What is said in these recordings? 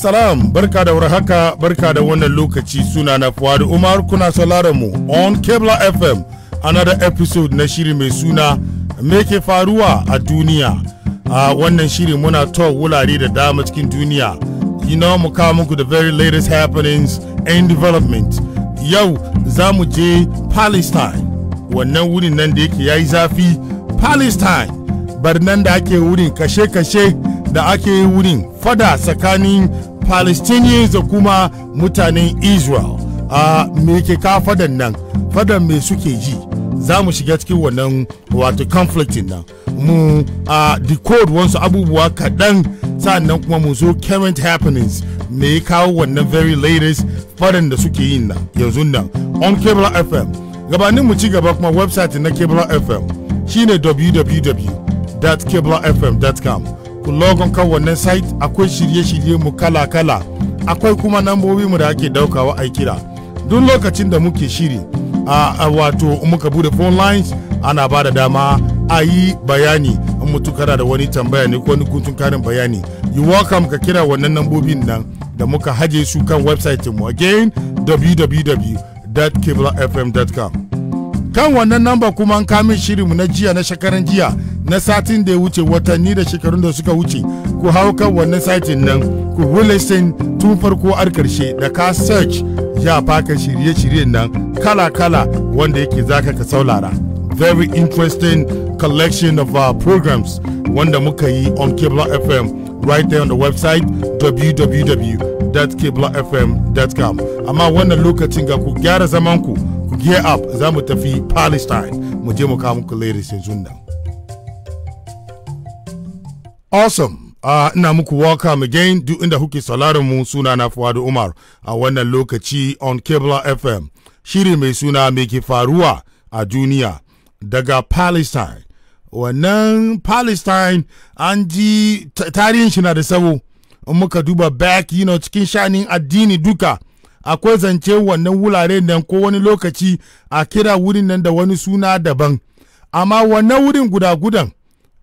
Salam, barka da warhaka, barka da wannan lokaci suna na Fuadu Umar kuna sauraron mu on Kebla FM, another episode na shiri mai suna Meke faruwa a duniya. A wannan shiri muna to wulare da dama cikin duniya. You know mu kawo muku the very latest happenings and development. Yau za mu je Palestine, wannan wurin nan da yake yayi zafi Palestine, barnan da ake wurin kashe-kashe da ake wurin fada tsakanin palestinians da kuma mutanen israel a me ke ka fadan nan fadan me suke ji za mu shiga cikin wannan wato conflicting nan mu a decode wansu abubuwa kaɗan sannan kuma mu zo current happenings me ya kawo wannan very latest fadan da suke yin nan yanzu nan on cable fm gabanin mu ci gaba kuma website na cable fm shine www.cablefm.com ku logon kan wannan site akwai shirye-shirye mu kala-kala akwai kuma nambobi mu da ake daukawa a kira duk lokacin da muke shiri a wato muka bude phone lines ana ba da dama a yi bayani in mutu da wani tambaya ne ko wani karin bayani you welcome ka kira wannan nambobin nan da muka haje su kan website mu again www.kiblafm.com kan wannan namba kuma kamin mu na jiya na shekaran jiya na satin da ya wuce watanni da shekarun da suka wuce ku hau kan wannan satin nan ku listin tun farko har karshe da ka search ya baka shirye-shiryen nan kala-kala wanda yake zaka ka saulara very interesting collection of our programs wanda muka yi on Kibla FM right there on the website www.kiblafm.com amma wannan lokacin ga ku gyara zamanku gear up za mu tafi palestine mu je mu kawo muku ladies yanzu nan awesome Uh, ina muku welcome again duk inda kuke sauraron mu suna na fuwadu Umar a wannan lokaci on Kebla FM shiri mai suna mai ke faruwa a duniya daga Palestine wannan Palestine an ji tarihin shi na da sabo in muka duba back you know cikin shanin addini duka akwai zance wannan wurare nan ko wani lokaci a kira wurin nan da wani suna daban amma wannan wurin guda gudan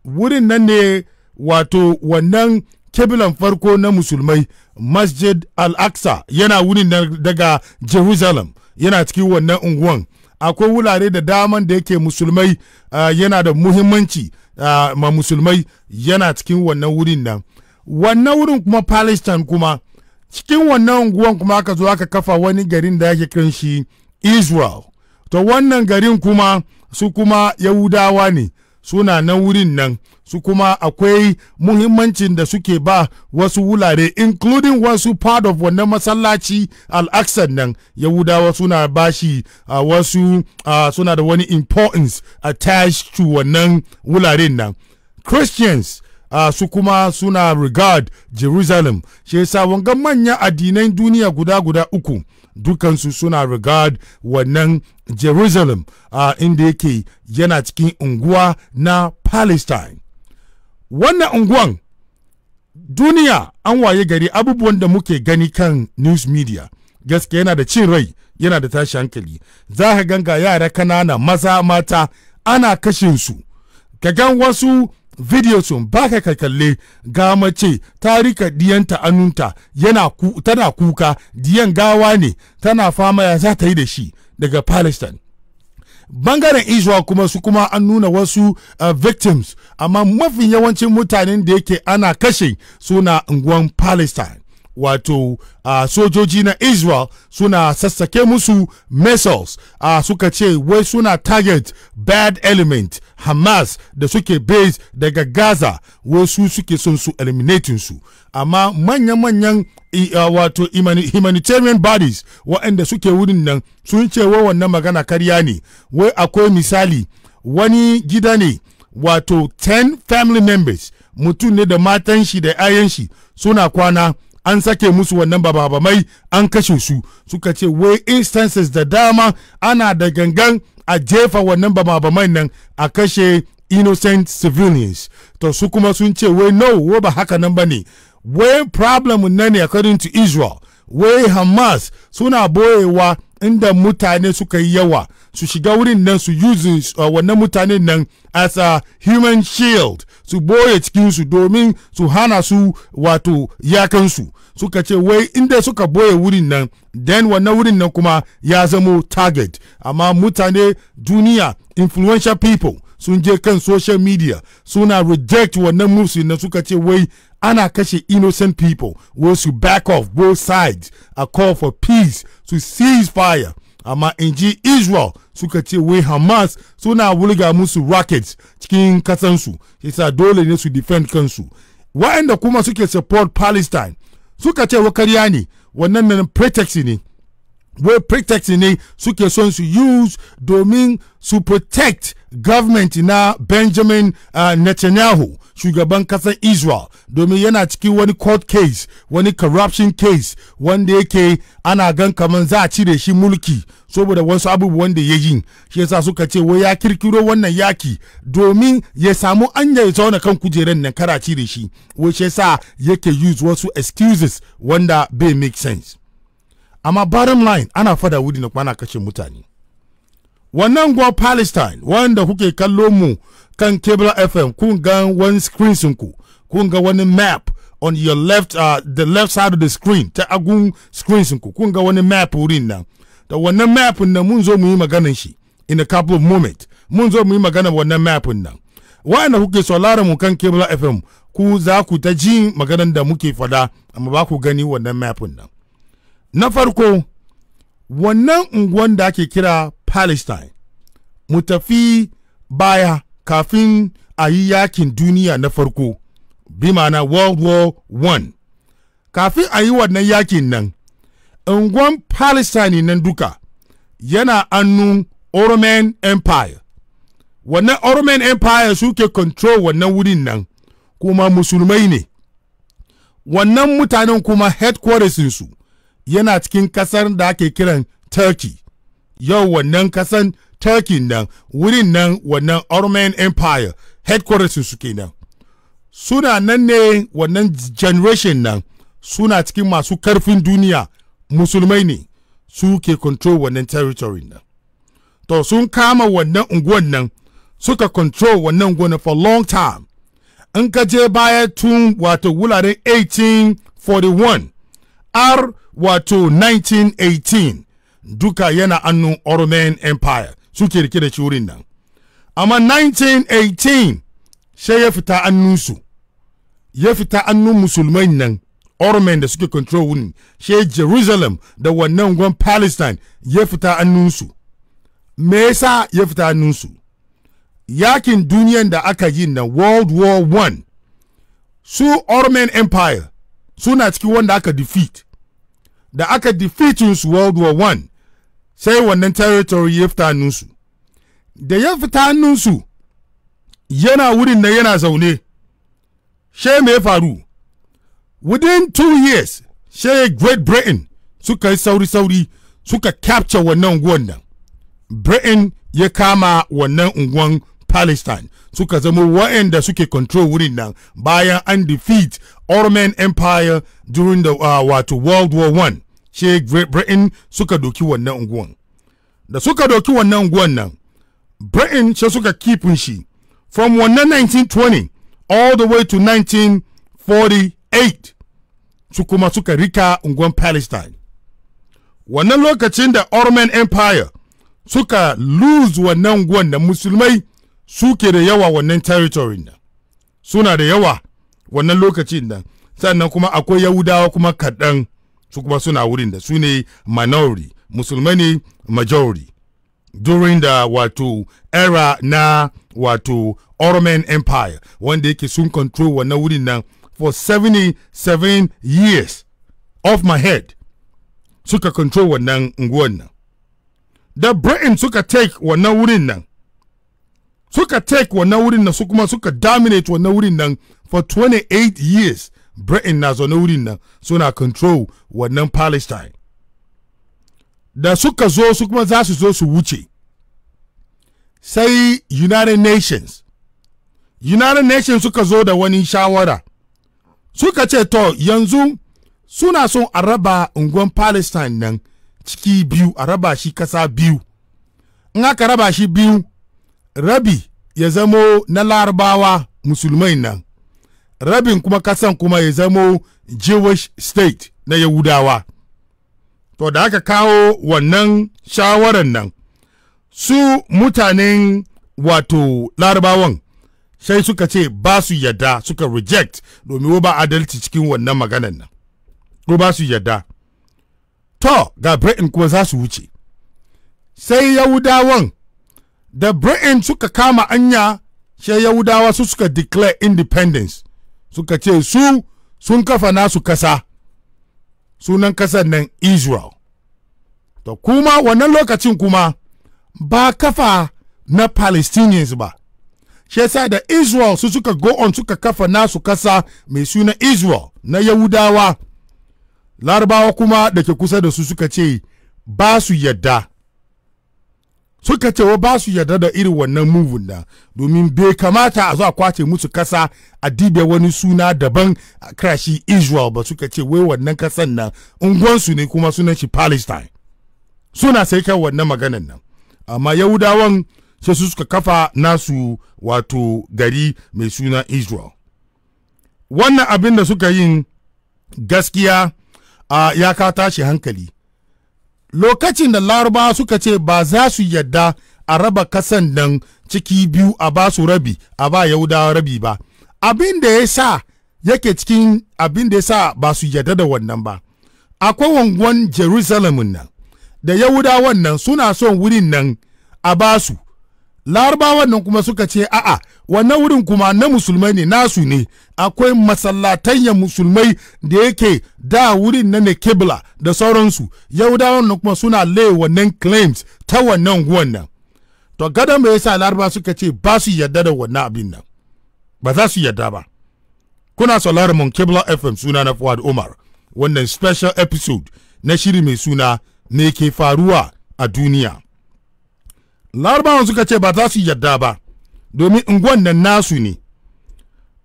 wurin nan ne wato wannan kebilan farko na musulmai masjid al-aqsa yana wurin nan daga jerusalem yana cikin wannan unguwan akwai wurare da daman da yake musulmai yana da muhimmanci uh, ma musulmai yana cikin wannan wurin nan wannan wurin kuma palestine kuma cikin wannan unguwan kuma aka zo aka kafa wani garin da yake kan shi israel to wannan garin kuma su kuma yahudawa ne suna nan wurin nan su kuma akwai muhimmancin da suke ba wasu wulare including wasu part of wannan masallaci al'aksan nan yahudawa suna bashi uh, wasu uh, suna da wani importance attached to wannan wularen nan christians uh, su kuma suna regard jerusalem shi yasa wanga manyan addinai duniya guda guda uku dukansu suna regard wannan jerusalem uh, inda yake yana cikin unguwa na palestine wannan unguwan duniya an waye gari abubuwan da muke gani kan news media gaske yana da cin rai yana da tashi hankali za ka ganga yara kanana maza mata ana kashin su ka gan wasu video sun baka ka kalle ga mace ta rika diyanta anunta yana tana kuka diyan gawa ne tana fama ya za ta yi da shi daga palestine bangaren israel kuma su kuma an nuna wasu uh, victims amma mafi yawancin mutanen da yake ana kashe suna unguwan palestine wato uh, sojoji na israel suna sassake musu missiles uh, suka ce wai suna target bad element hamas da suke base daga gaza wai su suke son su eliminating su amma manya-manyan uh, wato humanitarian bodies waɗanda suke wurin nan sun ce wa wannan magana karya ne wai akwai misali wani gida ne wato 10 family members mutum ne da matan shi da 'ya'yan shi suna kwana an sake musu wannan bababamai an kashe su suka ce wai instances da dama ana da gangan a jefa wannan bababamai nan a kashe innocent civilians to su kuma sun ce wai no wai ba haka nan ba ne wai problem na ne according to israel wai hamas suna boyewa inda mutane suka yi yawa su shiga wurin nan su use uh, wannan mutanen nan as a human shield su boye cikinsu domin su hana su wato yakansu suka ce wai inda suka boye wurin nan then wannan wurin nan kuma ya zamo target amma mutane duniya influential people sun je kan social media suna reject wannan musu na suka ce wai ana kashe innocent people wai su back off both sides a call for peace to cease fire amma in ji israel suka ce wai hamas suna wulga musu rockets cikin kasansu yasa dole ne su defend kansu wa'anda kuma suke support palestine suka ce wa ne wannan nan pretext ne wai pretext ne suke so su use domin su protect government na benjamin uh, netanyahu shugaban kasar israel domin yana cikin wani court case wani corruption case wanda yake ana gan kamar za a cire shi mulki saboda wasu abubuwan da ya yi shi yasa suka ce wai ya kirkiro wannan yaki domin ya samu anya ya zauna kan kujeran nan kara cire shi wai shi yasa yake use wasu excuses wanda bai make sense amma bottom line ana fada wuri na ana kashe mutane wannan gwa palestine wanda kuke kallo mu kan cable fm kun ga wani screen sinku kun ga wani map on your left uh, the left side of the screen ta agun screen sinku kun ga wani map wurin nan da wannan map nan mun zo mu yi maganan shi in a couple of moment mun zo mu yi maganan wannan map nan wa'anda kuke sauraron mu kan cable fm ku za ku ta ji maganan da muke fada amma ba ku gani wannan map nan na farko wannan unguwan da ake kira palestine mu tafi baya kafin a yi yakin duniya na farko bi mana world war one kafin a yi wannan yakin nan unguwan palestine nan duka yana annu ottoman empire wannan ottoman empire suke control wannan wurin nan kuma musulmai ne wannan mutanen kuma headquarters su yana cikin kasar da ake kiran turkey yau wannan kasan turkey nan wurin nan wannan ottoman empire headquarters su nan suna nan ne wannan generation nan suna cikin masu karfin duniya musulmai ne su ke control wannan territory nan to sun kama wannan unguwan nan suka control wannan unguwan for long time in ka je baya tun wato wuraren 1841 har wato 1918 duka yana annun Ottoman Empire suke rike da wurin nan. Amma 1918 sai ya fita annunsu, ya fita annun musulmai nan, Ottoman da suke control wurin, sai Jerusalem da wannan gwan Palestine ya fita annunsu. Me yasa ya fita annunsu? Yakin duniyan da aka yi na World War One su Ottoman Empire suna cikin wanda aka defeat da aka su world war one sai wannan territory ya fita hannunsu da ya fita hannunsu yana wurin na yana zaune she me faru within two years she great britain suka yi sauri-sauri suka capture wannan unguwan nan britain ya kama wannan unguwan palestine suka zama waɗanda suke control wurin nan bayan an defeat ottoman empire during the uh, world war one she great britain suka doki wannan unguwan da suka doki wannan unguwan nan britain she suka kifin shi from wannan 1920 all the way to 1948 su kuma suka rika unguwan palestine wannan lokacin da ottoman empire suka lose wannan unguwan da musulmai suke da yawa wannan territory na. suna da yawa wannan lokacin nan sannan kuma akwai yahudawa kuma kaɗan su kuma suna wurin da su ne minority musulmai ne majority during the wato era na wato ottoman empire wanda yake sun control wannan wurin nan for 77 years off my head suka control wannan unguwan nan da britain suka take wannan wurin nan suka take wannan wurin nan su kuma suka dominate wannan wurin nan for 28 years britain na zaune wurin nan suna control wannan palestine da suka zo su kuma za su zo su wuce sai united nations united nations suka zo da wani shawara suka ce to yanzu suna son a raba unguwan palestine nan ciki biyu a raba shi kasa biyu in aka raba shi biyu rabi ya zamo na larabawa musulmai nan rabin kuma kasan kuma ya zamo jewish state na yahudawa to da aka kawo wannan shawaran nan su mutanen wato larabawan sai suka ce ba su yadda suka reject domin ba adalci cikin wannan maganan nan ko ba su yadda to ga britain kuma za su wuce sai yahudawan da britain suka kama anya sai yahudawa su suka declare independence suka ce su sun kafa nasu kasa sunan kasan nan israel to kuma wannan lokacin kuma ba kafa na palestinians ba shi yasa da israel su suka go on suka kafa nasu kasa mai suna israel na yahudawa larabawa kuma da ke kusa da su suka ce ba su yadda suka ce wa ba su yarda da irin wannan muvun da domin bai kamata a zo kwace musu kasa a dibe wani suna daban a kirashi israel ba suka ce wai wannan kasan nan unguwansu ne kuma sunan shi palestine suna sai kai wannan maganan nan amma yahudawan sai su suka kafa nasu wato gari mai suna israel wannan abin da suka yin gaskiya ya ka tashi hankali lokacin da laruba suka ce ba za su yadda a raba kasan nan ciki biyu a ba su rabi a ba yahudawa rabi ba abin da ya sa yake cikin abin da ya sa ba su yadda da wannan ba akwai wangon jerusalem nan da yahudawan nan suna son wurin nan a ba su larabawan nan kuma suka ce a'a wannan wurin kuma na musulmai ne nasu ne akwai ya musulmai da yake da wurin na kebla da sauransu yahudawan nan kuma suna laye wannan claims ta wannan guwan nan to gada mai yasa laraba suka ce ba su yarda da wannan abin nan ba za su yarda ba kuna solar mun kebla fm suna na fuad umar wannan special episode na shiri mai suna ne ke faruwa a duniya larabawan suka ce ba za su yadda ba domin unguwan nan nasu ne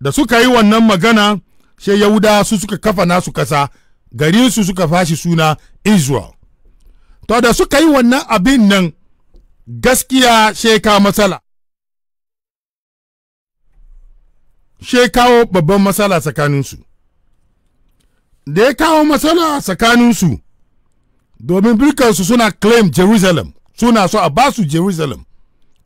da suka yi wannan magana sai yahuda su suka kafa nasu kasa garinsu suka fashi suna israel to da suka yi wannan abin nan gaskiya sheka matsala kawo babban matsala tsakaninsu da ya kawo matsala tsakaninsu domin birkansu suna claim jerusalem suna so a basu jerusalem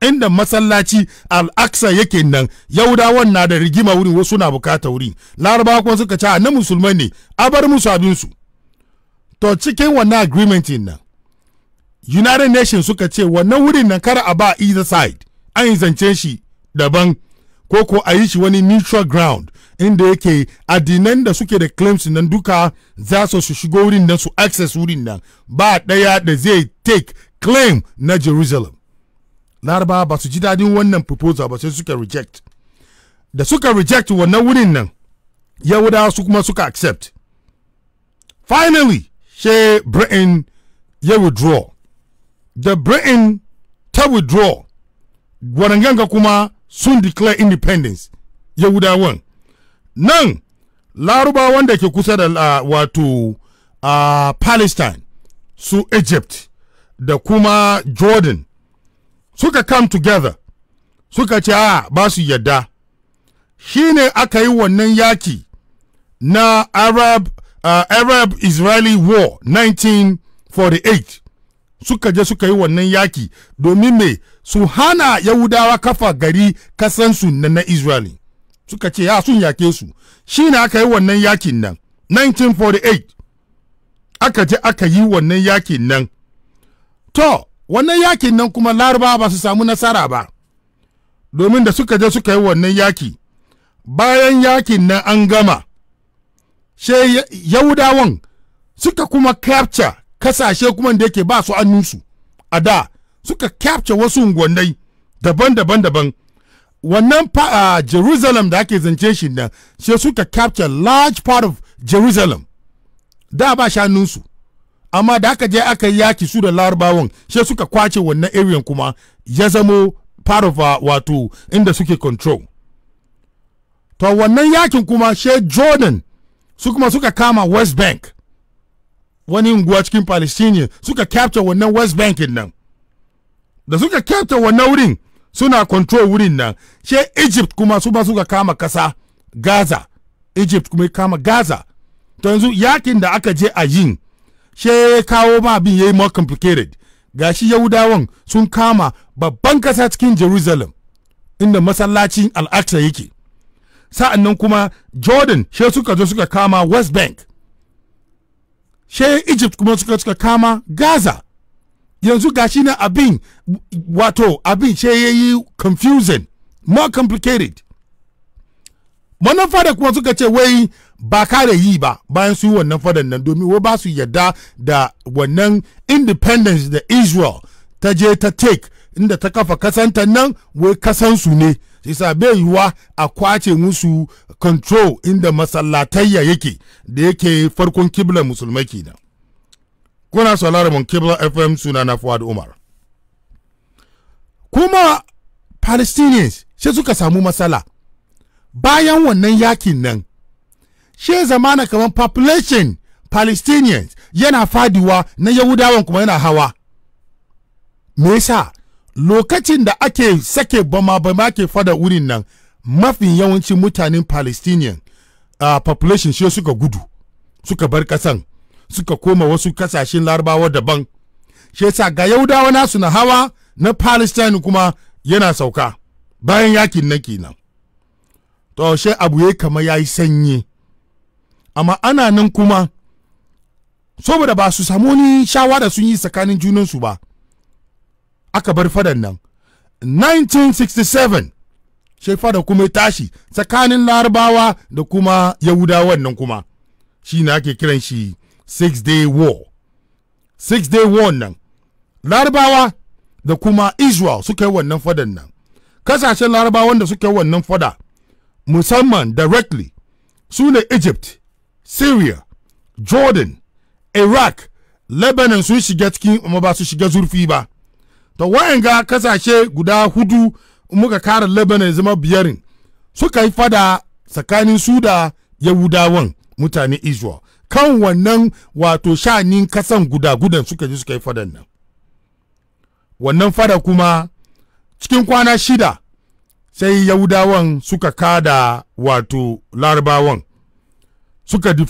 inda masallaci al-aqsa yake nan yahudawan na da rigima wurin wasu na bukata wurin larabawa kuma suka ce na musulman ne a bar musu abinsu to cikin wannan agreement nan united nations suka ce wannan wurin nan kar a ba either side an yi zance shi daban ko ko a yi shi wani neutral ground inda yake addinan da suke da claims nan duka za su shigo wurin nan su access wurin nan ba daya da zai take claim na jerusalem laraba ba su ji dadin wannan proposal ba sai suka reject da suka reject wannan wurin nan yahudawa su kuma suka accept finally she britain ya withdraw da britain ta withdraw gwaranganga kuma sun declare independence yahudawan nan larubawan da ke kusa da ah, wato uh, palestine su egypt da kuma jordan suka come together suka ce a ah, ba su yadda shi ne aka yi wannan yaki na arab uh, arab israeli war 1948 suka je suka yi wannan yaki domin me su hana yahudawa kafa gari kasansu na na israeli suka ce ya ah, sun yake su shi ne aka yi wannan yakin nan 1948 aka je aka yi wannan yakin nan to wannan yakin nan kuma laraba ba su samu nasara ba domin da suka je suka yi wannan yaki bayan yakin nan an gama she yahudawan suka kuma capture kasashe kuma da yake ba su annusu a da suka capture wasu unguwannai daban-daban daban wannan uh, jerusalem da ake zance shi nan she suka capture large part of jerusalem da ba shi shanunsu amma da aka je aka yi yaki su da larabawan sai suka kwace wannan area kuma ya zamo part of uh, wato inda suke control to wannan yakin kuma she jordan su kuma suka kama west bank wani unguwa cikin palestinian suka capture wannan west bank nan da suka capture wannan wurin suna control wurin nan she egypt kuma su ba suka kama kasa gaza egypt kuma kama gaza to yanzu yakin da aka je a yin she ya kawo ma abin yayi more complicated gashi yahudawan sun kama babban kasa cikin jerusalem inda masallacin al'aqsa yake sa'an nan kuma jordan she suka zo suka kama west bank she egypt kuma suka suka kama gaza yanzu gashi na abin wato abin she yayi confusing more complicated manufa da kuma suka ce wai ba kare yi ba bayan su yi wannan fadan nan domin wa ba su yadda da wannan independence da israel ta je ta take inda ta kafa kasanta nan wai kasansu ne isa bai yiwuwa a kwace musu control inda masallatayya yake da yake farkon kibla musulmai kenan kuna sauraron mun kibla fm suna na fuad umar kuma palestinians sai suka samu matsala bayan wannan yakin nan she zamana kamar population palestinians yana fadiwa na yahudawan kuma yana hawa me yasa lokacin da ake sake bama-bama ke fada wurin nan mafi yawancin mutanen palestinian uh, population shi suka gudu suka bar kasan suka koma wasu kasashen larabawa daban shi yasa ga yahudawa nasu na hawa na palestine kuma yana sauka bayan yakin nan kenan to she abu ya kama yayi sanyi amma ana nan kuma saboda ba su samu shawa shawara sun yi tsakanin junansu ba aka bar fadan nan 1967 sai fada kuma ya tashi tsakanin larabawa da kuma yahudawan nan kuma shi na ake kiran shi six day war six day war nan larabawa da kuma israel suka yi wannan fadan nan kasashen larabawan da suka yi wannan fada musamman directly su ne egypt syria jordan iraq lebanon sun shiga cikin amma ba su shiga zurfi ba to ga kasashe guda hudu muka kara lebanon zama biyarin suka yi fada tsakanin su da yahudawan mutane israel kan wannan wato shanin kasan guda-gudan suka ji suka yi fadan nan wannan fada kuma cikin kwana shida sai yahudawan suka kada wato larabawan suka su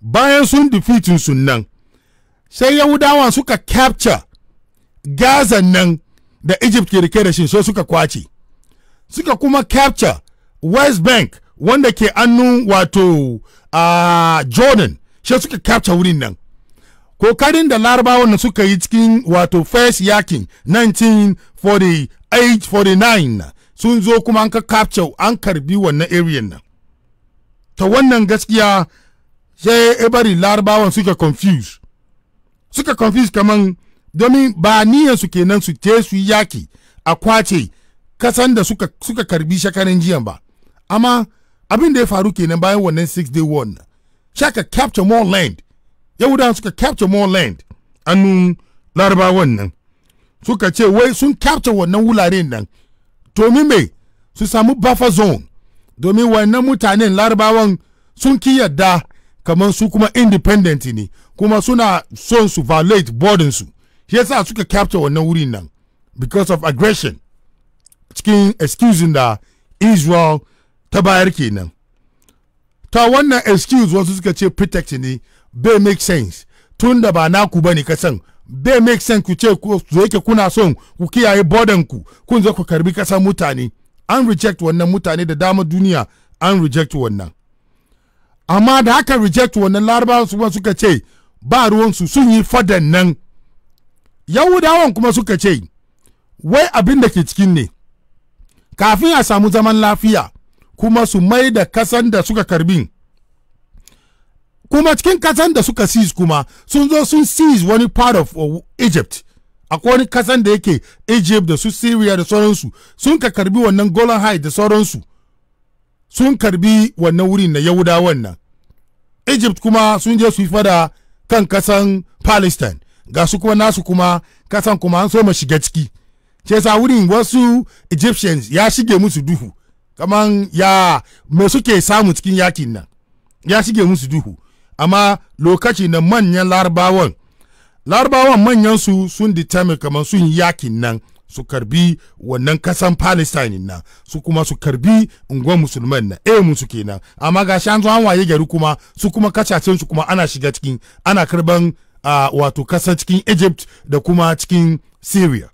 bayan sun su nan sai yahudawa suka capture gaza nan da egypt ke rike da shi sai suka kwace suka kuma capture west bank wanda ke annu wato a uh, jordan sai suka capture wurin nan kokarin da larabawan suka yi cikin wato first yakin 1948-49 sun zo kuma an ka capture an karbi wannan area nan ta wannan gaskiya sai bari larabawan suka confuse suka confuse kaman domin ba niyan su kenan su te su yaki a kwace kasan da suka, suka karbi shakarin jiyan ba amma abin da ya faru kenan bayan wannan six day war na shaka capture more land yahudawan suka capture more land annun larabawan nan suka ce wai sun capture wannan wularen nan to mai su samu buffer zone domin wannan mutanen larabawan sun ki yadda kamar su kuma independent ne kuma suna son su violate boarding su shi yasa suka capture wannan wurin nan because of aggression cikin excusing da israel ta bayar kenan ta wannan excuse wasu suka ce pretext ne bai make sense tun da ba naku ba ne kasan bai make sense ku ce ku yake kuna son ku kiyaye bordan ku kun zo ku karbi kasan mutane an reject wannan mutane da dama duniya an reject wannan amma da aka reject wannan larabawan su suka ce ba ruwansu sun yi fadan nan yahudawan kuma suka ce wai abin da ke cikin ne kafin a samu zaman lafiya kuma su mai da kasan da suka karbin kuma cikin kasan da suka seize kuma sun zo sun seize wani part of uh, egypt akwai wani kasan da yake egypt da su syria da sauransu sun ka karbi wannan golan height da sauransu sun karbi wannan wurin na yahudawan nan egypt kuma sun je su yi fada kan kasan palestine ga su kuma nasu kuma kasan kuma an so ma shiga ciki ce sa wurin wasu egyptians ya shige musu duhu kaman ya me suke samu cikin yakin nan ya shige musu duhu amma lokaci na manyan larabawan larabawan su sun determine kamar sun yakin nan su karbi wannan kasan palestine nan su kuma su karbi unguwan musulman na eh su kenan amma ga shan an waye gari kuma su kuma kasashen su kuma ana shiga cikin ana karban wato kasan cikin egypt da kuma cikin syria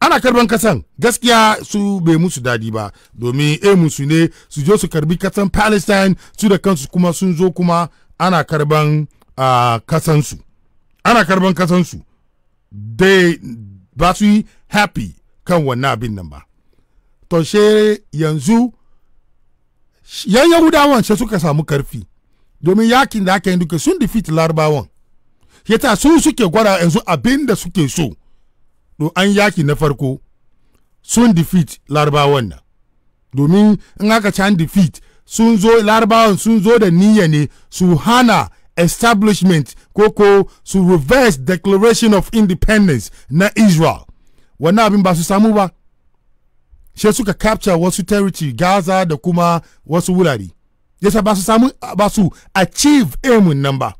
ana karban kasan gaskiya su bai musu dadi ba domin eh su ne su je su karbi kasan palestine su da kansu kuma sun zo kuma ana karban uh, kasansu ana karban kasansu dai ba su yi happy kan wannan abin nan ba to she yanzu yan yahudawan sai suka samu karfi domin yakin da aka yi duka sun defeat larabawan ya ta su suke gwada yanzu abin da suke so an yaki na farko sun defeat larabawan nan domin in aka can defeat sun zo larabawan sun zo da niyya ne su hana establishment koko su reverse declaration of independence na israel wannan abin ba su samu ba she suka capture wasu territory gaza da kuma wasu wurare yasa ba su samu ba su achieve aimin nan ba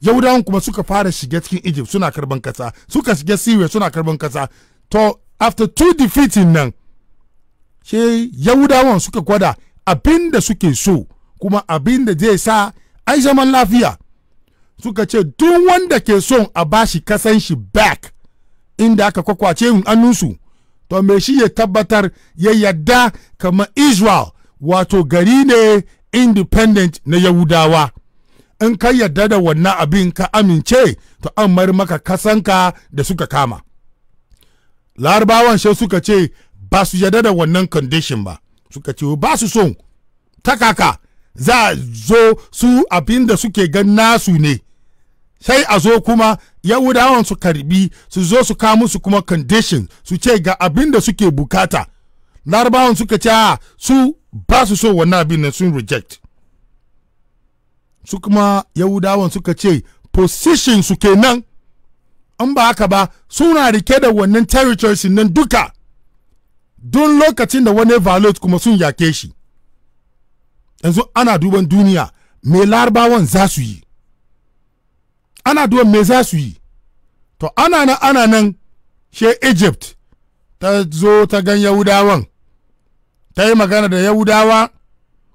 yahudawan kuma suka fara shiga cikin egypt suna karban kasa suka shiga syria suna karban kasa to after two defeating nan she yahudawan suka gwada abin da suke so kuma abin da zai sa ai zaman lafiya suka ce duk wanda ke son a bashi kasan shi back inda aka kwakwace annunsu to me shi ya tabbatar ya yadda kamar israel wato gari ne independent na yahudawa in ka yadda da wannan abin ka amince to an mar maka kasanka da suka kama larabawan sai suka ce ba su yadda da wannan condition ba suka ce ba su son takaka za a zo su abin da suke gan nasu ne sai a zo kuma yahudawan su karbi su zo su kawo musu kuma condition su ce ga abin da suke bukata larabawan suka ce ah, su ba su so wannan abin da sun reject su kuma yahudawan suka ce position su kenan an ba haka ba suna rike da wannan territory nan duka don lokacin da wani valet kuma sun yake shi yanzu ana duban duniya me larabawan za su yi ana duban me za su yi to ana nan ana nan she egypt ta zo ta gan yahudawan ta yi magana da yahudawa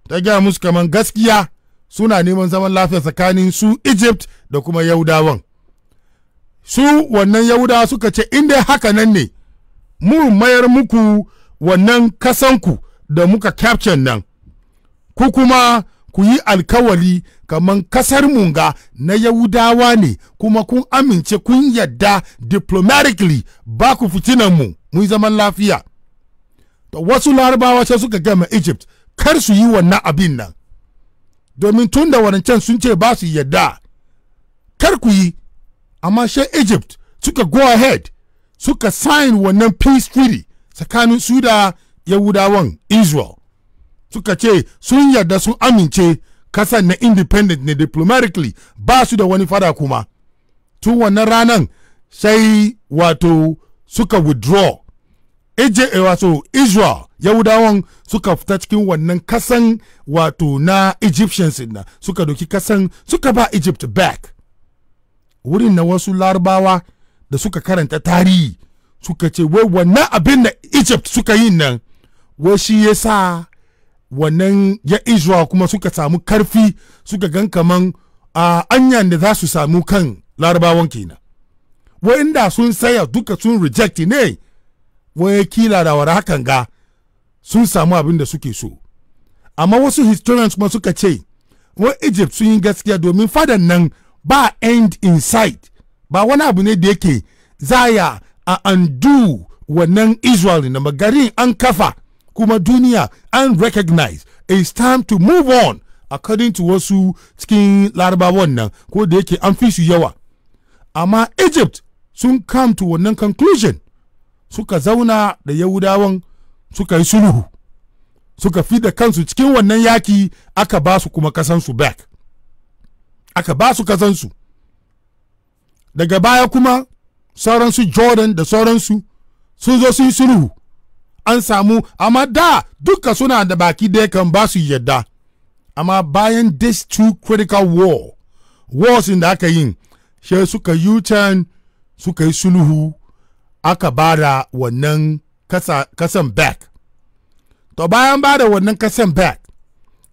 ta gaya musu kaman gaskiya suna neman zaman lafiya tsakanin su egypt da kuma yahudawan su wannan yahudawa suka ce inda haka nan ne mu mayar muku wannan kasanku da muka capture nan ku kuma ku yi alkawali kamar kasar munga na yahudawa ne kuma kun amince kun yadda diplomatically ba ku fitinan mu mun zaman lafiya to wasu larabawa sai suka gama egypt kar su yi wannan abin nan domin tun da wancan sun ce ba su yadda kar ku yi amma she egypt suka go ahead suka sign wannan peace treaty tsakanin su da yahudawan israel suka ce sun yarda sun amince kasan na independent ne diplomatically ba su da wani fada kuma tun wannan ranan sai wato suka withdraw e wato israel yahudawan suka fita cikin wannan kasan wato na egyptians na suka doki kasan suka ba egypt back wurin na wasu larabawa da suka karanta tarihi suka ce wai wannan abin da egypt suka yi nan wai shi ya sa wannan ya israel kuma suka samu karfi suka gan kaman a anyan da za su samu kan larabawan kenan wa'inda sun saya duka sun reject ne wai kila da wara hakan ga sun samu abin da suke so amma wasu historians kuma suka ce wa egypt sun yi gaskiya domin fadan nan ba end in sight ba wani abu ne da yake zaya a undo wannan israel na magarin an kafa kuma duniya an recognize it's time to move on according to wasu cikin larabawan nan ko da yake an fi su yawa amma egypt sun come to wannan conclusion suka zauna da yahudawan suka yi sulhu suka fi da kansu cikin wannan yaki aka ba su kuma kasansu back aka ba su kasansu daga baya kuma sauransu jordan da sauransu sun zo sun sulhu an samu amma da duka suna da baki da kan ba su yadda amma bayan this two critical war wars da aka yin she suka yi suka yi sulhu aka ba da wannan kasan back to bayan bada wannan kasan back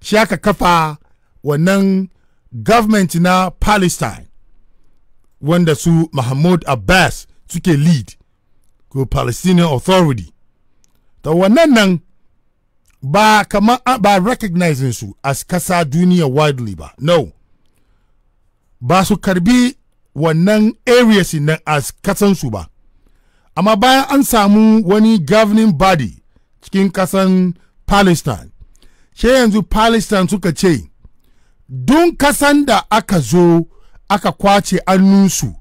shi aka kafa wannan government na palestine wanda su mahmoud abbas suke lead ko palestinian authority to wannan nan ba kama ba recognizing su a kasa duniya widely ba no ba su karbi wannan areas nan a kasan su ba amma bayan an samu wani governing body cikin kasan palestine sai yanzu palestine suka ce dun kasan da aka zo aka kwace annunsu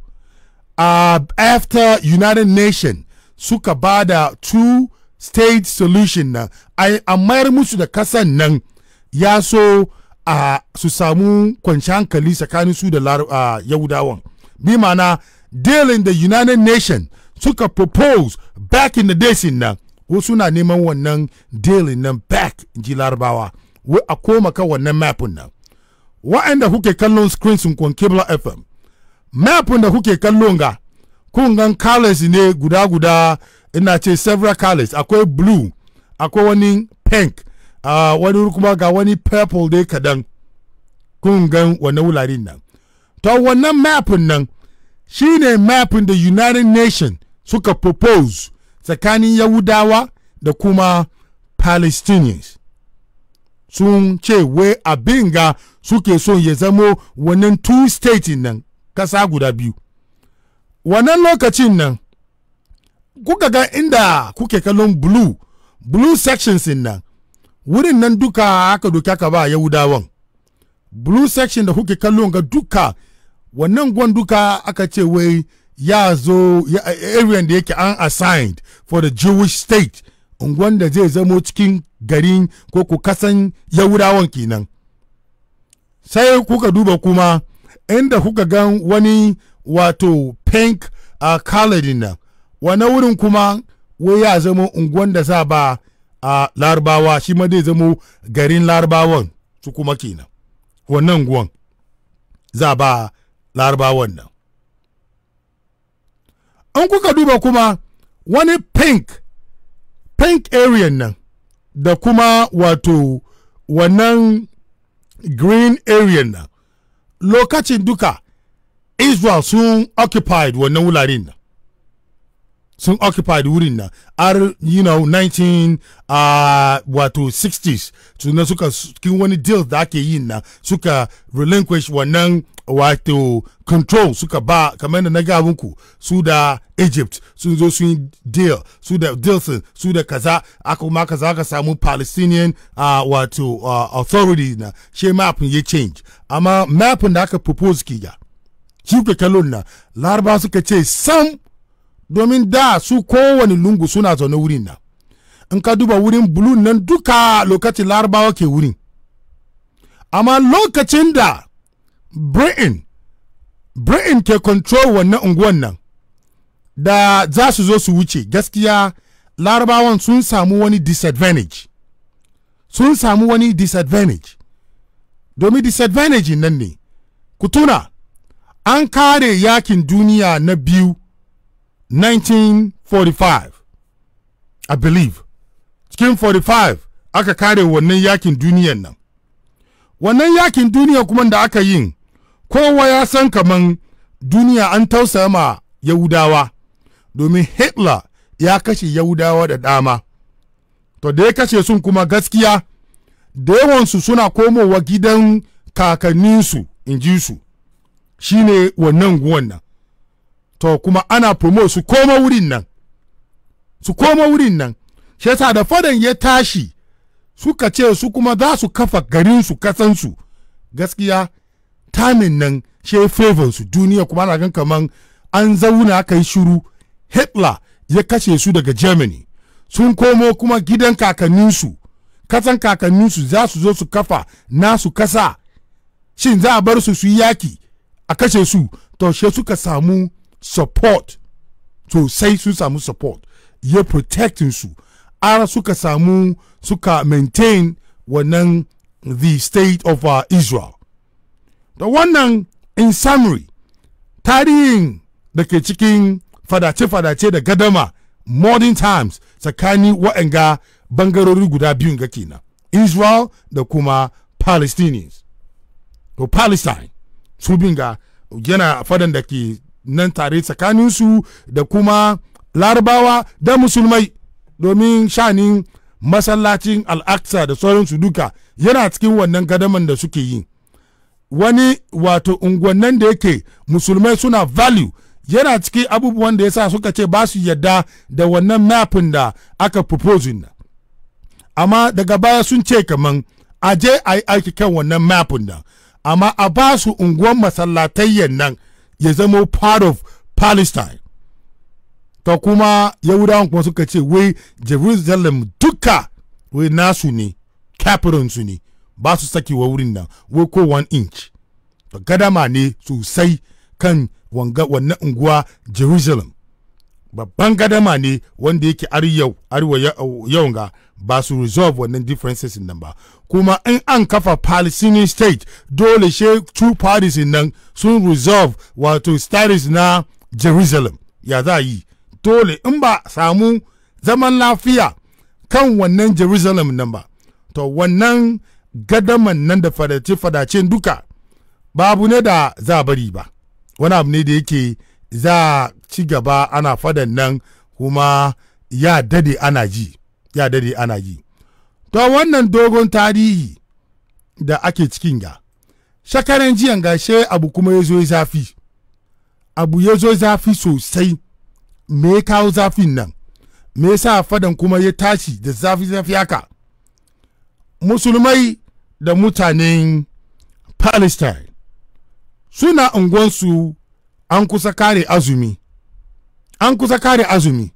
a uh, after united nation suka ba da two. state solution nan a mayar musu da kasan nan ya so a su samu kwanci hankali tsakanin su da yahudawan bi mana dealing the united nation suka propose back in the days nan wasu na neman wannan dealing nan back ji larabawa wai a koma ka wannan mapin nan wa'anda kuke kallon screen sun kun kibla fm mapin da kuke kallon ga kun gan colors ne guda guda ina ce several colors akwai blue akwai wani pink uh, wani kuma ga wani purple dai kadan kun gan wannan wularin nan to wannan mapin nan shine mapin da united nation suka propose tsakanin yahudawa da kuma palestinians sun ce wai abin ga suke so ya zamo wannan two state nan kasa guda biyu wannan lokacin nan kuka ga inda kuke kallon blue blue sections nan wurin nan duka aka doki aka ba yahudawan blue section da kuke kallon ga duka wannan gwan duka aka ce wai ya zo area da yake an assigned for the jewish state unguwan da zai zamo cikin garin ko ku kasan yahudawan kenan sai kuka duba kuma inda kuka gan wani wato pink a uh, nan wani wurin kuma wai ya zama unguwan da za ba a larabawa shi ma zai zama garin larabawan su kuma kenan wannan unguwan za ba larabawan nan an kuka duba kuma wani pink pink area nan da kuma wato wannan green area nan lokacin duka israel sun occupied wannan wularin nan sun occupy wurin nan har you know 19 uh, 60s sunan suka cikin wani deal da ake yin nan suka relinquish wannan wato control suka ba kamar da na gabinku su da egypt sun zo sun deal su da dilson su da kaza aka ma kaza ka samu palestinian uh, wato uh, authority na she ya change amma mapin da aka propose ki ga shi kalon na laraba suka ce sam domin da su kowane lungu suna zaune wurin nan in ka duba wurin bulun nan duka lokacin larabawa ke wurin amma lokacin da britain britain ke control wannan unguwan nan da za su zo su wuce gaskiya larabawan sun samu wani disadvantage sun samu wani disadvantage domin disadvantage nan ne ku tuna an kare yakin duniya na biyu 1945 i believe cikin 45 aka kare wannan yakin duniyan nan wannan yakin duniya kuma da aka yin kowa ya san kaman duniya an tausaya ma yahudawa domin hitler ya kashe yahudawa da dama to da ya kashe sun kuma gaskiya da yawansu suna komowa gidan kakanninsu in ji su shine wannan guwan nan to kuma ana promote su koma wurin nan su koma wurin nan shi yasa da fadan ya tashi suka ce su kuma za su kafa garin garinsu kasansu gaskiya tamin nan she favor su duniya kuma ana gan kaman an zauna aka yi shiru hitler ya kashe su daga germany sun komo kuma gidan kakanninsu kasan kakanninsu za su zo su kafa nasu kasa shin za a bar su su yi yaki a kashe su to she suka samu support sosai sun samu support ya protecting su ara suka samu suka maintain wannan the state of uh, israel da wannan in summary tarihin da ke cikin fadace-fadace da gadama modern times tsakanin wa'anga bangarori guda biyu ga kenan israel da kuma palestinians to palestine su bin yana fadan da ke nan tare tsakaninsu da kuma larabawa da musulmai domin shanin masallacin al'aqsa da sauransu duka yana cikin wannan gadaman da suke yi wani wato unguwannin da yake musulmai suna value yana cikin abubuwan da ya sa suka ce ba su yadda da wannan mapin da aka proposing na amma daga baya sun ce kaman a je a yi aiki kan wannan mapin da amma a ba su unguwan masallatayyan nan ya zama part of palestine ta kuma yahudawan kuma suka ce wai jerusalem duka wai nasu ne capital su ne ba su saki wa wurin nan wai ko one inch gadama ne sosai kan wannan unguwa jerusalem babban gadama ne wanda yake yau arwa yau ga ba su resolve wannan differences nan ba kuma in an kafa palestinian state dole she two parties nan sun resolve wato status na jerusalem ya za yi dole in ba samu zaman lafiya kan wannan jerusalem nan ba to wannan gadaman nan da fadace-fadacen duka babu ne da za bari ba wani abu ne da yake za ci gaba ana fadan nan kuma ya dade ana ji ya dade ana ji to wannan dogon tarihi da ake cikin ga shakaran jiyan gashe abu kuma ya zo zafi abu ya zo zafi sosai me ya kawo zafin nan me yasa fadan kuma ya tashi da zafi zafi haka musulmai da mutanen palestine suna unguwansu an kusa kare azumi an kusa kare azumi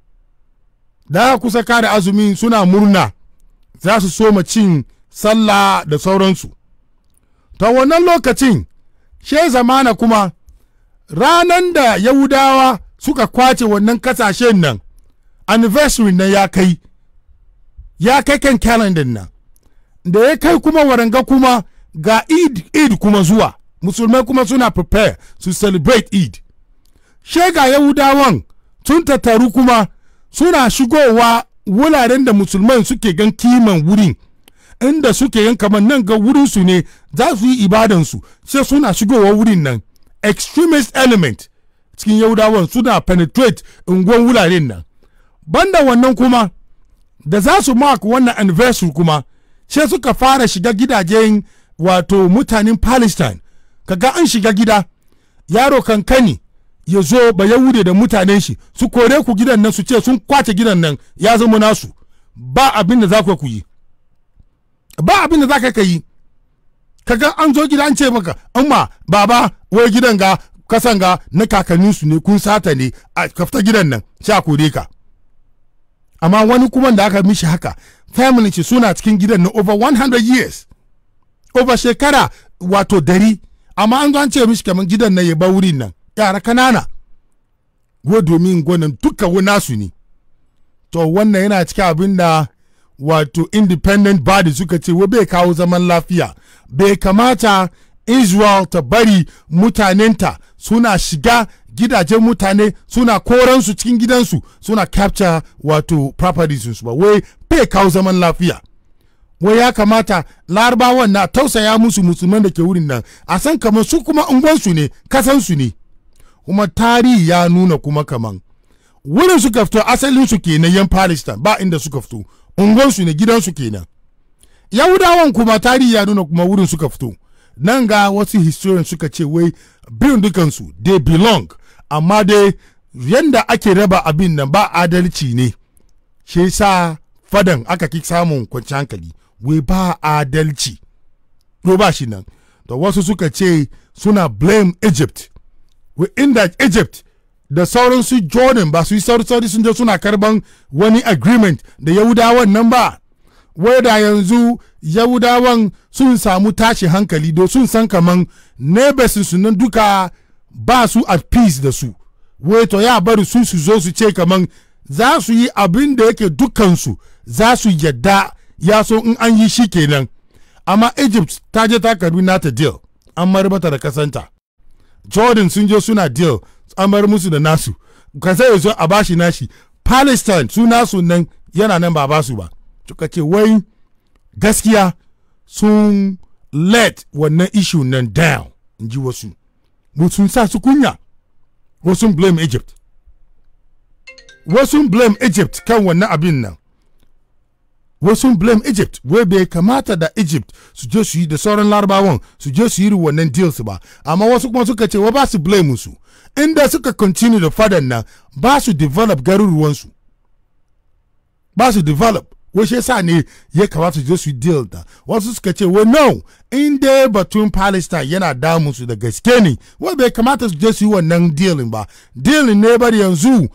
da kusa kare azumi suna murna za su soma cin sallah da sauransu ta wannan lokacin she zamana kuma ranan da yahudawa suka kwace wannan kasashen nan anniversary na ya kai ya kai kan calendar nan da ya kai kuma waranga kuma ga eid eid kuma zuwa musulmai kuma suna prepare su celebrate eid shega yahudawan sun tattaru kuma suna shigowa wuraren da musulman suke gan kiman wurin inda suke gan kamar nan ga wurinsu ne za su yi su sai suna shigowa wurin nan extremist element cikin yahudawan suna penetrate unguwan wuraren nan banda wannan kuma da za su mark wannan anniversary kuma sai suka fara shiga gidajen wato mutanen palestine kaga an shiga gida yaro kankani ya zo ba ya wude da mutanen shi su kore ku gidan nan su ce sun kwace gidan nan ya zama nasu ba abin da za ku yi ba abin da za ka yi kaga an zo gida an ce maka amma baba wai gidan ga kasan ga na kakannin su ne kun sata ne a kafta gidan nan sha kore ka amma wani kuma da aka mishi haka family shi suna cikin gidan na over 100 years over shekara wato dari amma an zo an ce mishi kamar gidan nan ya ba wurin nan yara kanana wa domin gwanin duka nasu ne to wannan yana cikin abin da wato independent body suka ce wa bai kawo zaman lafiya bai kamata israel ta bari mutanenta suna shiga gidajen mutane suna koransu cikin gidansu suna capture wato properties ba wai bai kawo zaman lafiya wai ya kamata larabawan na tausaya musu musulman da ke wurin nan a san kamar su kuma unguwansu ne kasansu ne kuma tarihi ya nuna kuma kaman wurin suka fito asalin su kenan yan palestine ba inda suka fito su ne gidansu kenan yahudawan kuma tarihi ya nuna kuma wurin suka fito nan ga wasu historian suka ce wai dukan dukansu they belong amma dai yadda ake raba abin nan ba adalci ne shi sa fadan aka ki samun kwanci hankali wai ba adalci to ba shi nan da wasu suka ce suna blame egypt inda egypt da sauran su jordan ba su yi sauri-sauri sun je suna karban wani agreement da yahudawan nan ba wai da yanzu yahudawan sun samu tashi hankali do sun san kaman nebesin nan duka ba su at peace da su wai to ya bari su su zo su ce kaman za su yi abin da yake dukansu za su yadda ya so in an yi shi kenan amma egypt ta je ta karbi nata deal an marbata da kasanta jordan sun je suna deal tsamar musu da nasu kasar yanzu a bashi nashi palestine su nasu nan yana nan ba basu ba suka ce wai gaskiya sun let wannan issue nan down in ji wasu sun sa su kunya wasu blame egypt wasu blame egypt kan wannan abin nan wai sun blame egypt wai bai kamata da egypt su je su yi da sauran larabawan su je su yi wannan deals ba amma wasu kuma suka ce wai ba su blame su inda suka continue da fadan nan ba su develop garuruwansu ba su develop wai shi yasa ne ya kamata su je su deal da wasu suka ce wai no inda batun palestine yana damun su da gaske ne wai bai kamata su je su yi wannan dealin ba dealin ne bari yanzu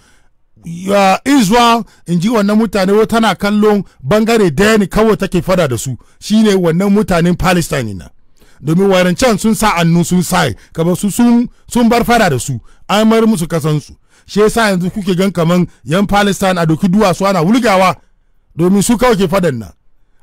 ya israel in ji wannan mutane wo tana kallon bangare daya ne kawai take fada da su shine wannan mutanen palestine na domin wayancan sun sa annu sun sa kamar su sun bar fada da su an mar musu kasansu shi yasa yanzu kuke gan kaman yan palestine a doki duwatsu ana wulgawa domin su kawai ke fadan nan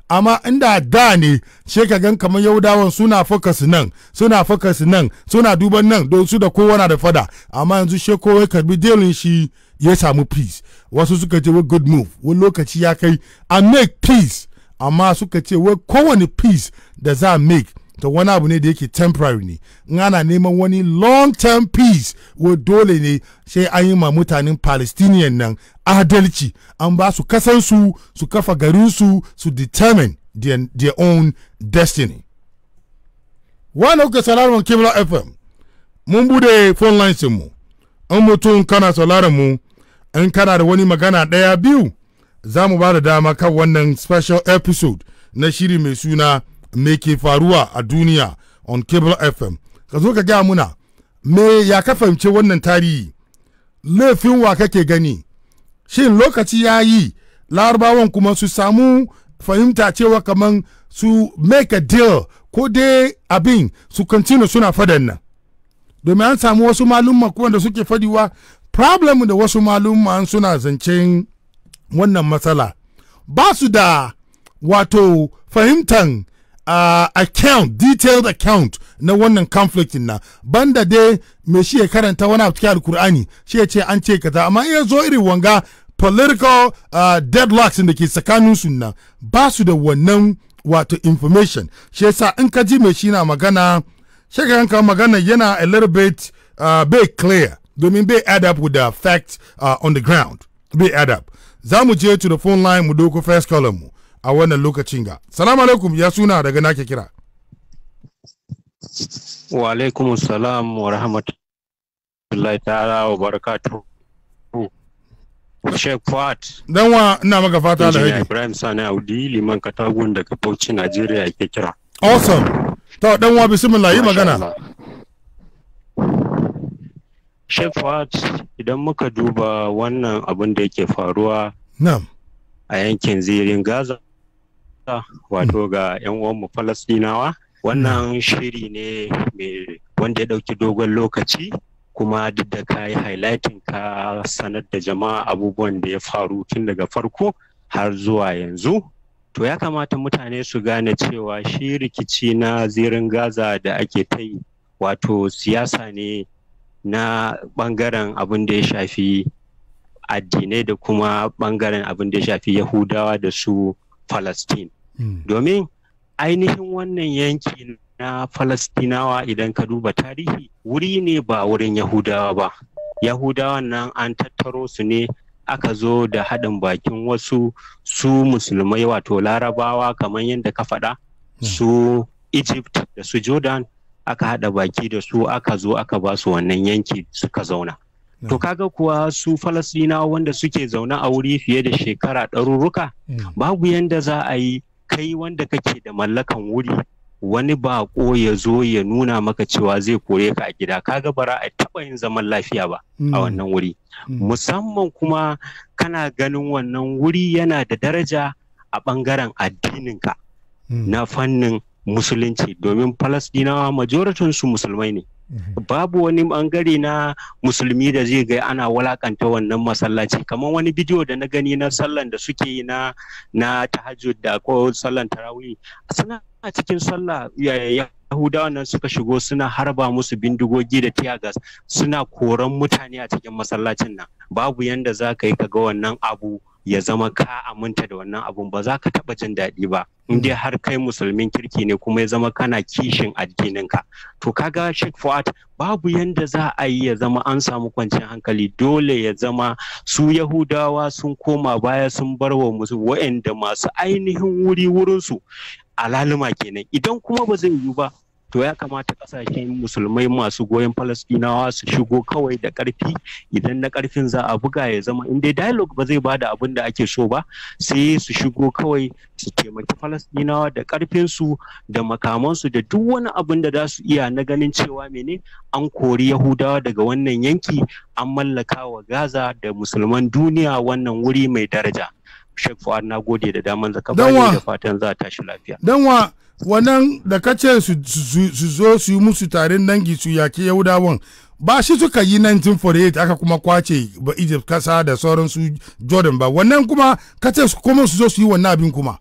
amma inda da ne she ka gan kaman yaudawan suna focus nan suna focus nan suna duban nan don su da kowa na da fada amma yanzu she kowa karbi delin shi ya samu peace wasu suka ce wa good move wani lokaci ya kai a make peace amma suka ce wai kowane peace da za a make to wani abu ne da yake temporary ne in ana neman wani long term peace wa dole ne sai an yi ma mutanen palestinian nan adalci an ba su kasansu su kafa garinsu su determine their, their own destiny wani kuka sauraron kibla fm mun bude phone lines mu in mutum kana sauraron mu in kana da wani magana ɗaya biyu za mu ba da dama kan wannan special episode na shiri mai suna me ke faruwa a duniya on cable fm ka zo ka gaya muna me ya ka fahimci wannan tarihi laifin wa kake gani shin lokaci ya yi larabawan kuma su samu fahimta cewa kamar su make a deal ko dai abin su continue suna fadan nan domin an samu wasu malumma kuma da suke fadiwa problem da wasu maluma suna zancen wannan matsala ba su da wato fahimtan uh, account detailed account na wannan conflict na banda da mai shi ya karanta wani cikin alkur'ani shi ya ce an ce kaza amma iya zo irin wanga political uh, deadlocks da ke tsakanin su nan ba su da wannan wato information shi yasa in ka ji mai shi na magana shi ka magana yana a little bit uh, clear domin bai add up with the facts uh, on the ground bai add up za mu je to the phone line mu doko first column mu a wannan lokacin ga salamu alaikum ya suna daga nake kira wa alaikum salam wa rahmatullahi ta'ala wa barakatu Sheikh Fuad. Dan wa ina maka fata da hadi. Ibrahim Sani Audi liman katagun daga Bauchi Nigeria ke kira. Awesome. To dan wa bismillah yi magana. Shefard idan muka duba wannan abin da yake faruwa a yankin zirin Gaza wato hmm. ga 'yan uwanmu Falasdinawa wannan shiri ne wanda ya ɗauki dogon lokaci kuma duk da ka yi highlighting ka sanar da jama'a abubuwan da ya faru tun daga farko har zuwa yanzu to ya kamata mutane su gane cewa shi rikici na zirin Gaza da ake ta yi wato siyasa ne na ɓangaren abin da ya shafi addinai da kuma bangaren abin da ya shafi yahudawa da su falastin hmm. domin ainihin wannan yanki na falastinawa idan ka duba tarihi wuri ne ba wurin yahudawa ba Yahudawa nan an tattaro su ne aka zo da haɗin bakin wasu su musulmai wato larabawa kamar yadda ka faɗa hmm. su egypt da su jordan aka haɗa baki da su aka zo aka ba su wannan yanki suka zauna to kaga kuwa su falasdinawa wanda suke zaune a wuri fiye da shekara ɗarurruka hmm. babu yanda za a yi kai wanda kake da mallakan wuri wani baƙo ya zo ya nuna maka cewa zai kore ka a gida kaga bara a taɓa yin zaman lafiya ba a hmm. wannan wuri hmm. musamman kuma kana ganin wannan wuri yana da daraja a ɓangaren addininka na fannin musulunci domin falasdinawa majoritin su musulmai ne babu wani bangare na musulmi da zai ga ana walakanta wannan masallaci kamar wani bidiyo da na gani na sallan da suke yi na na tahajjud da ko sallan tarawih suna cikin sallah yahudawa nan suka shigo suna harba musu bindigogi da tiyagas suna koran mutane a cikin masallacin nan babu yanda za ka yi ka ga wannan abu ya zama ka aminta da wannan abun ba za ka taba jin daɗi ba in dai har kai musulmin kirki ne kuma ya zama kana kishin addininka to kaga Sheikh Fuad babu yanda za a yi ya zama an samu kwanciyar hankali dole ya zama su Yahudawa sun koma baya sun bar wa musu wa'anda masu ainihin wuri wurinsu a laluma kenan idan kuma ba zai yiwu ba to ya kamata kasashen musulmai masu goyon Falasɗinawa su shigo kawai da karfi idan na karfin za a buga ya zama inda dai ba zai bada abin da ake so ba sai su shigo kawai su taimaki falasɗinawa da karfinsu da makamansu da duk wani abin da za su iya na ganin cewa mene an kori yahudawa daga wannan yanki an mallaka wa gaza da musulman duniya wannan wuri mai daraja Sheikh Fuad na gode da daman zaka da fatan za a tashi lafiya. wannan da ka ce su zo su yi musu tarin dangi su yaki yahudawan ba shi suka yi 1948 aka kuma kwace ba egypt kasa da sauran su jordan ba wannan kuma ka ce su kuma su zo su yi wannan abin kuma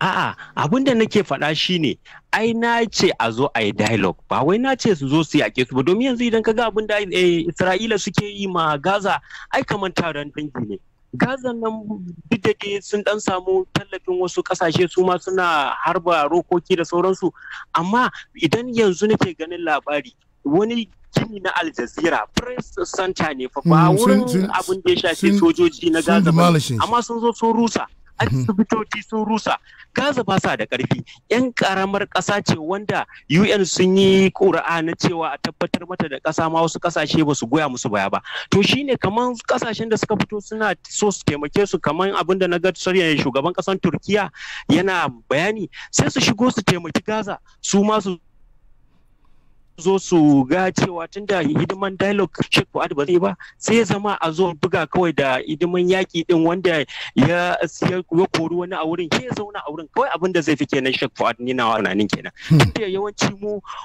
a'a abin da nake faɗa shine ai na ce a zo a yi dialogue ba wai na ce su zo su yaƙe su ba domin yanzu idan ka ga abin da eh, isra'ila suke yi ma gaza ai kamar taron dangi ne Gaza nan bidage sun dan samu tallafin wasu kasashe su ma suna harba rokoki da sauransu amma idan yanzu nake ganin labari wani gini na Al Jazeera press center ne fa ba hmm, wurin abin da ya shafi sojoji na Gaza amma sun zo sun rusa asibitoci mhm. sun rusa gaza ba sa da karfi yan karamar ƙasa ce wanda un sun yi ƙura'a na cewa a tabbatar mata da ƙasa ma wasu ƙasashe ba su goya musu baya ba to shine kamar kasashen da suka fito suna so su taimake su kamar abin da na ga shugaban ƙasar turkiya yana bayani sai su shigo su taimaki gaza su ma su zo su ga cewa tunda hidiman dialogue check ad ba zai ba sai ya zama a zo buga kawai da hidiman yaki din wanda ya ya kori wani a wurin ke zauna a wurin kawai abin da zai fi kenan check ad ni na tunanin kenan hmm. tunda yawanci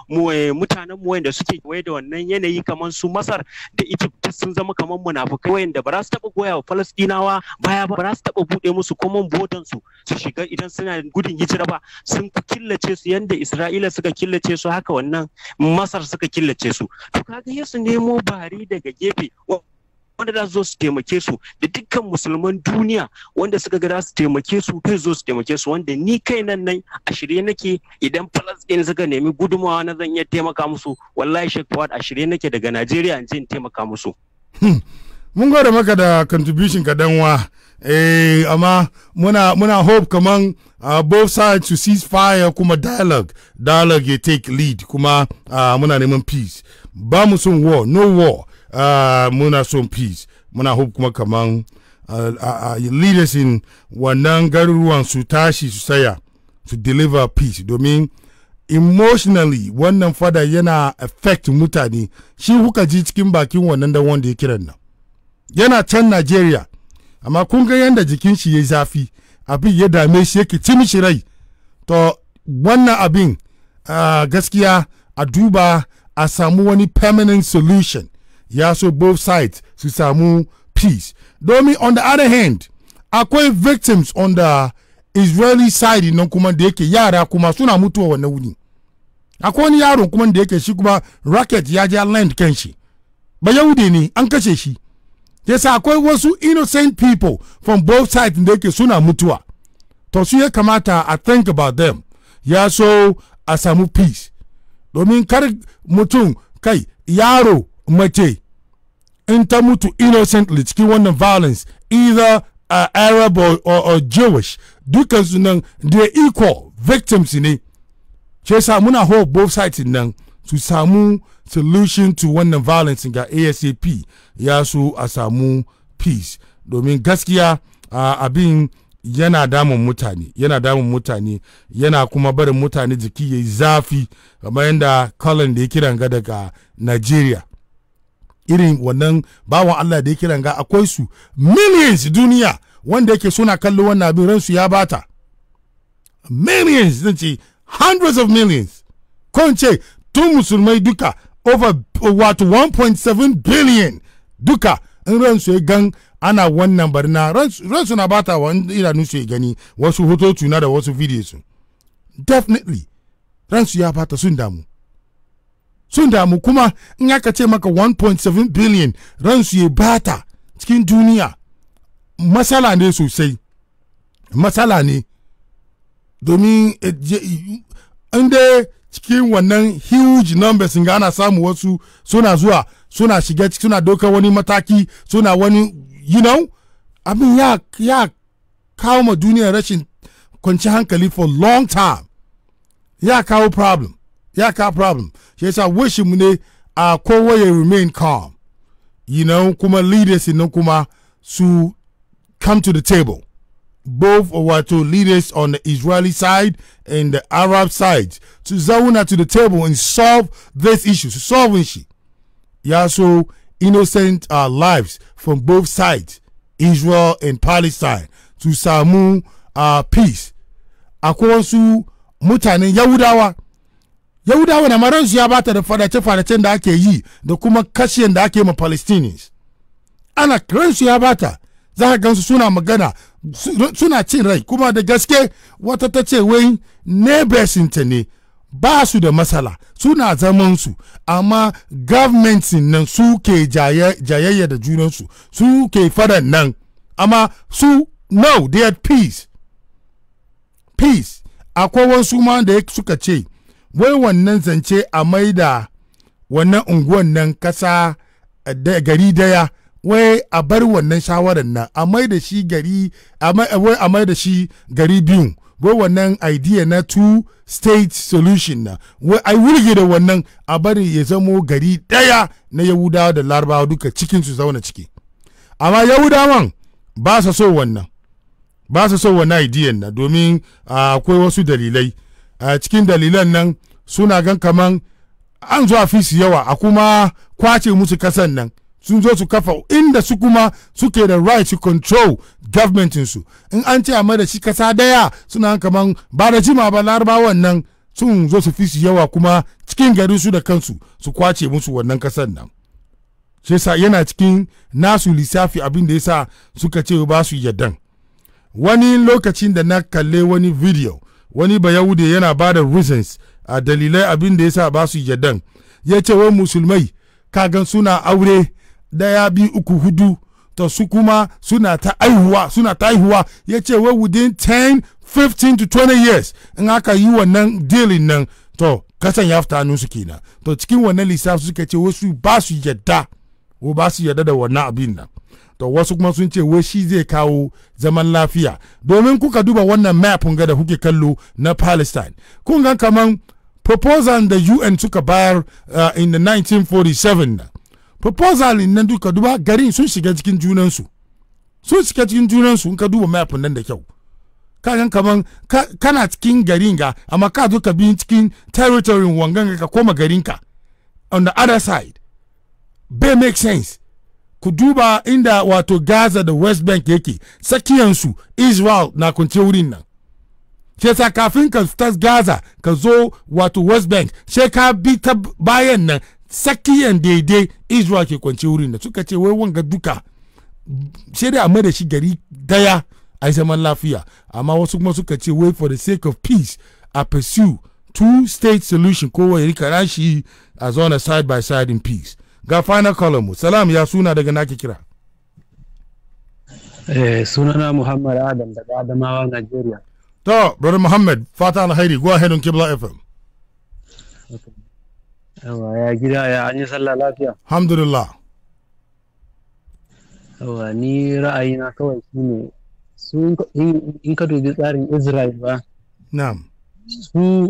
mu eh, mutanen mu wanda suke kewaye da wannan yanayi kamar su Masar da Egypt duk sun zama kamar munafukai wayanda ba za su taba goya wa Falastinawa baya ba za su taba bude musu common border su su shiga idan suna gudun hijira ba sun killace su yanda Isra'ila suka killace su haka wannan Masar suka killace su to kaga su nemo bari daga gefe wanda za su zo su taimake su da dukkan musulman duniya wanda suka ga za su taimake su zai zo su taimake su wanda ni kai nan nan a shirye nake idan falastin suka nemi gudumawa na zan iya taimaka musu wallahi shek fawad a shirye nake daga najeriya in in taimaka musu hmm. mun gwada maka da contribution ka dan wa eh, amma muna muna hope kaman uh, both sides to cease fire kuma dialogue dialogue ya take lead kuma uh, muna neman peace ba mu son war no war Ah, muna son peace muna hope kuma kaman ah, ah, leaders in wannan garuruwan su tashi su saya su deliver peace domin emotionally wannan fada yana affect mutane shi kuka ji cikin bakin wannan da wanda ya kiran nan yana can nigeria amma kun ga yadda jikin shi ya zafi abin ya dame shi yake cin shi rai to wannan abin gaskiya a duba a samu wani permanent solution ya so both sides su samu peace domin on the other hand akwai victims on the israeli side nan kuma da yake yara kuma suna mutuwa wannan wuni akwai wani yaro kuma da yake shi kuma rocket ya ja land kan shi ba ne an kashe shi yasa akwai wasu innocent people from both sides da yake suna mutuwa to su ya kamata a think about them ya so a samu peace domin kar mutum kai yaro mace in ta mutu innocently cikin wannan violence either uh, arab or, or, or jewish dukansu nan they equal victims ne ce sa muna hope both sides nan su samu solution to wannan violence ga asap ya su a samu peace domin gaskiya uh, abin yana damun mutane yana damun mutane yana kuma barin mutane jiki ya yi zafi kamar yadda colin da ya kiran ga daga nigeria irin wannan bawan Allah da ya kiran akwai su millions duniya wanda yake suna kallo wannan abin ransu ya bata millions zan ce hundreds of millions ko ce tun musulmai duka over wato 1.7 billion duka in ransu ya gan ana wannan barna ransu na bata wa idanun su ya gani wasu hototu na da wasu videos definitely ransu ya bata sun damu sun damu kuma in aka ce maka 1.7 billion ransu ya bata cikin duniya matsala ne sosai matsala ne domin eh, inda cikin wannan huge numbers ga ana samu wasu suna zuwa suna shiga suna doka wani mataki suna wani you know abin ya, ya kawo ma duniya rashin kwanci hankali for long time ya kawo problem ya ka problem shi yasa wishin mu ne a uh, kowa ya remain calm you know kuma leaders nan kuma su come to the table both wato leaders on the Israeli side and the Arab side to zauna to the table and solve this issue to solve shi ya so innocent uh, lives from both sides Israel and Palestine to samu uh, peace akwai wasu mutanen Yahudawa yahudawa da maransu ya bata da fadace-fadacen da ake yi da kuma kashiyan da ake ma palestinians ana su ya bata za ka gansu suna magana suna cin rai kuma da gaske wata ta ce wai ta ne ba su da matsala suna zaman su amma gwamnatin nan su ke jayayya da junansu su ke fara nan amma su no they had peace peace akwai wasu ma da suka ce wai wannan zance a maida wannan unguwan nan kasa eh, gari daya wai a bar wannan shawarar nan a mai da shi gari eh, wai a mai da shi gari biyun wai wannan idea na two state solution na wai a wulge da wannan a bari ya zamo gari daya na yahudawa da larabawa duka cikin su zauna ciki amma yahudawan ba su so wannan ba su so wannan idea na domin ah, akwai wasu dalilai a eh, cikin dalilan nan suna gan kaman an zuwa fisi yawa a kuma kwace musu kasan nan sun zo su kafa inda su kuma suke da right to control su in an ce a da shi kasa daya suna kaman ba da jima ba larabawan nan sun zo su fi yawa kuma cikin gari su da kansu su kwace musu wannan kasan nan sai sa yana cikin nasu lissafi abin da sa suka ce ba su yaddan wani lokacin da na kalle wani video wani bayahude yana ba da reasons a dalilai abin da ya sa ba su yardan ya ce wai musulmai kagan suna aure daya bi uku hudu ta su kuma suna ta aihuwa suna ta aihuwa ya ce wai within 10 15 to 20 years in haka yi wannan dealin nan to kasan ya fita su kenan to cikin wannan lissafi suka ce wasu ba su yadda ko ba su yadda da wannan abin nan to wasu kuma sun ce wai shi zai kawo zaman lafiya domin kuka duba wannan map ga da kuke kallo na palestine kun ga kaman proposal da un suka bayar uh, in the 1947 na proposal nan duka duba garin sun shiga cikin junansu sun shiga cikin junansu in ka duba map nan da kyau kagan kaman ka, kana cikin garin ga amma ka zo ka bi cikin territory wangan ka koma garinka ka on the other side bai make sense ku duba inda wato gaza da west bank yake tsakiyansu israel na kunce wurin nan ke sa kafin ka ta gaza ka zo wato west bank she ka bi ta bayan nan tsakiyan daidai israel ke kwance wurin nan suka ce wai wanga duka she dai a da shi gari daya a zaman lafiya amma wasu kuma suka ce wai for the sake of peace a pursue two state solution kowa ya rika rashi a zauna side by side in peace ga final column salam ya suna daga naki kira eh sunana muhammad adam daga adamawa nigeria to brother muhammad fata alheri go ahead on kibla fm yawa ya gida ya an yi sallah lafiya alhamdulillah yawa ni ra'ayina kawai shine su in ka dubi tsarin israel ba na'am su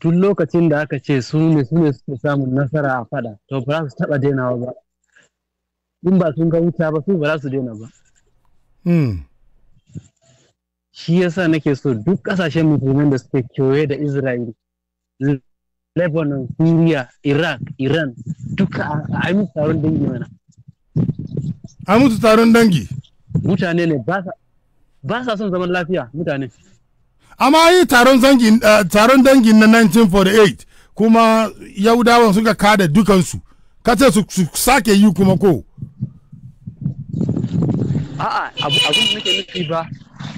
duk lokacin da aka ce su ne su ne suke samun nasara a fada to ba su taba dainawa ba in ba sun ga wuta ba su ba za su daina ba hmm. shi yasa nake so duk kasashen musulman da suke kewaye da israel lebanon syria iraq iran duka a amintu taron dangi mana a musu taron dangi mutane ne ba sa son zaman lafiya mutane amma yi eh, taron dangin na 1948 kuma yaudawan suka kada dukansu kace su sake yi kuma ko a'a abin da nake nufi ba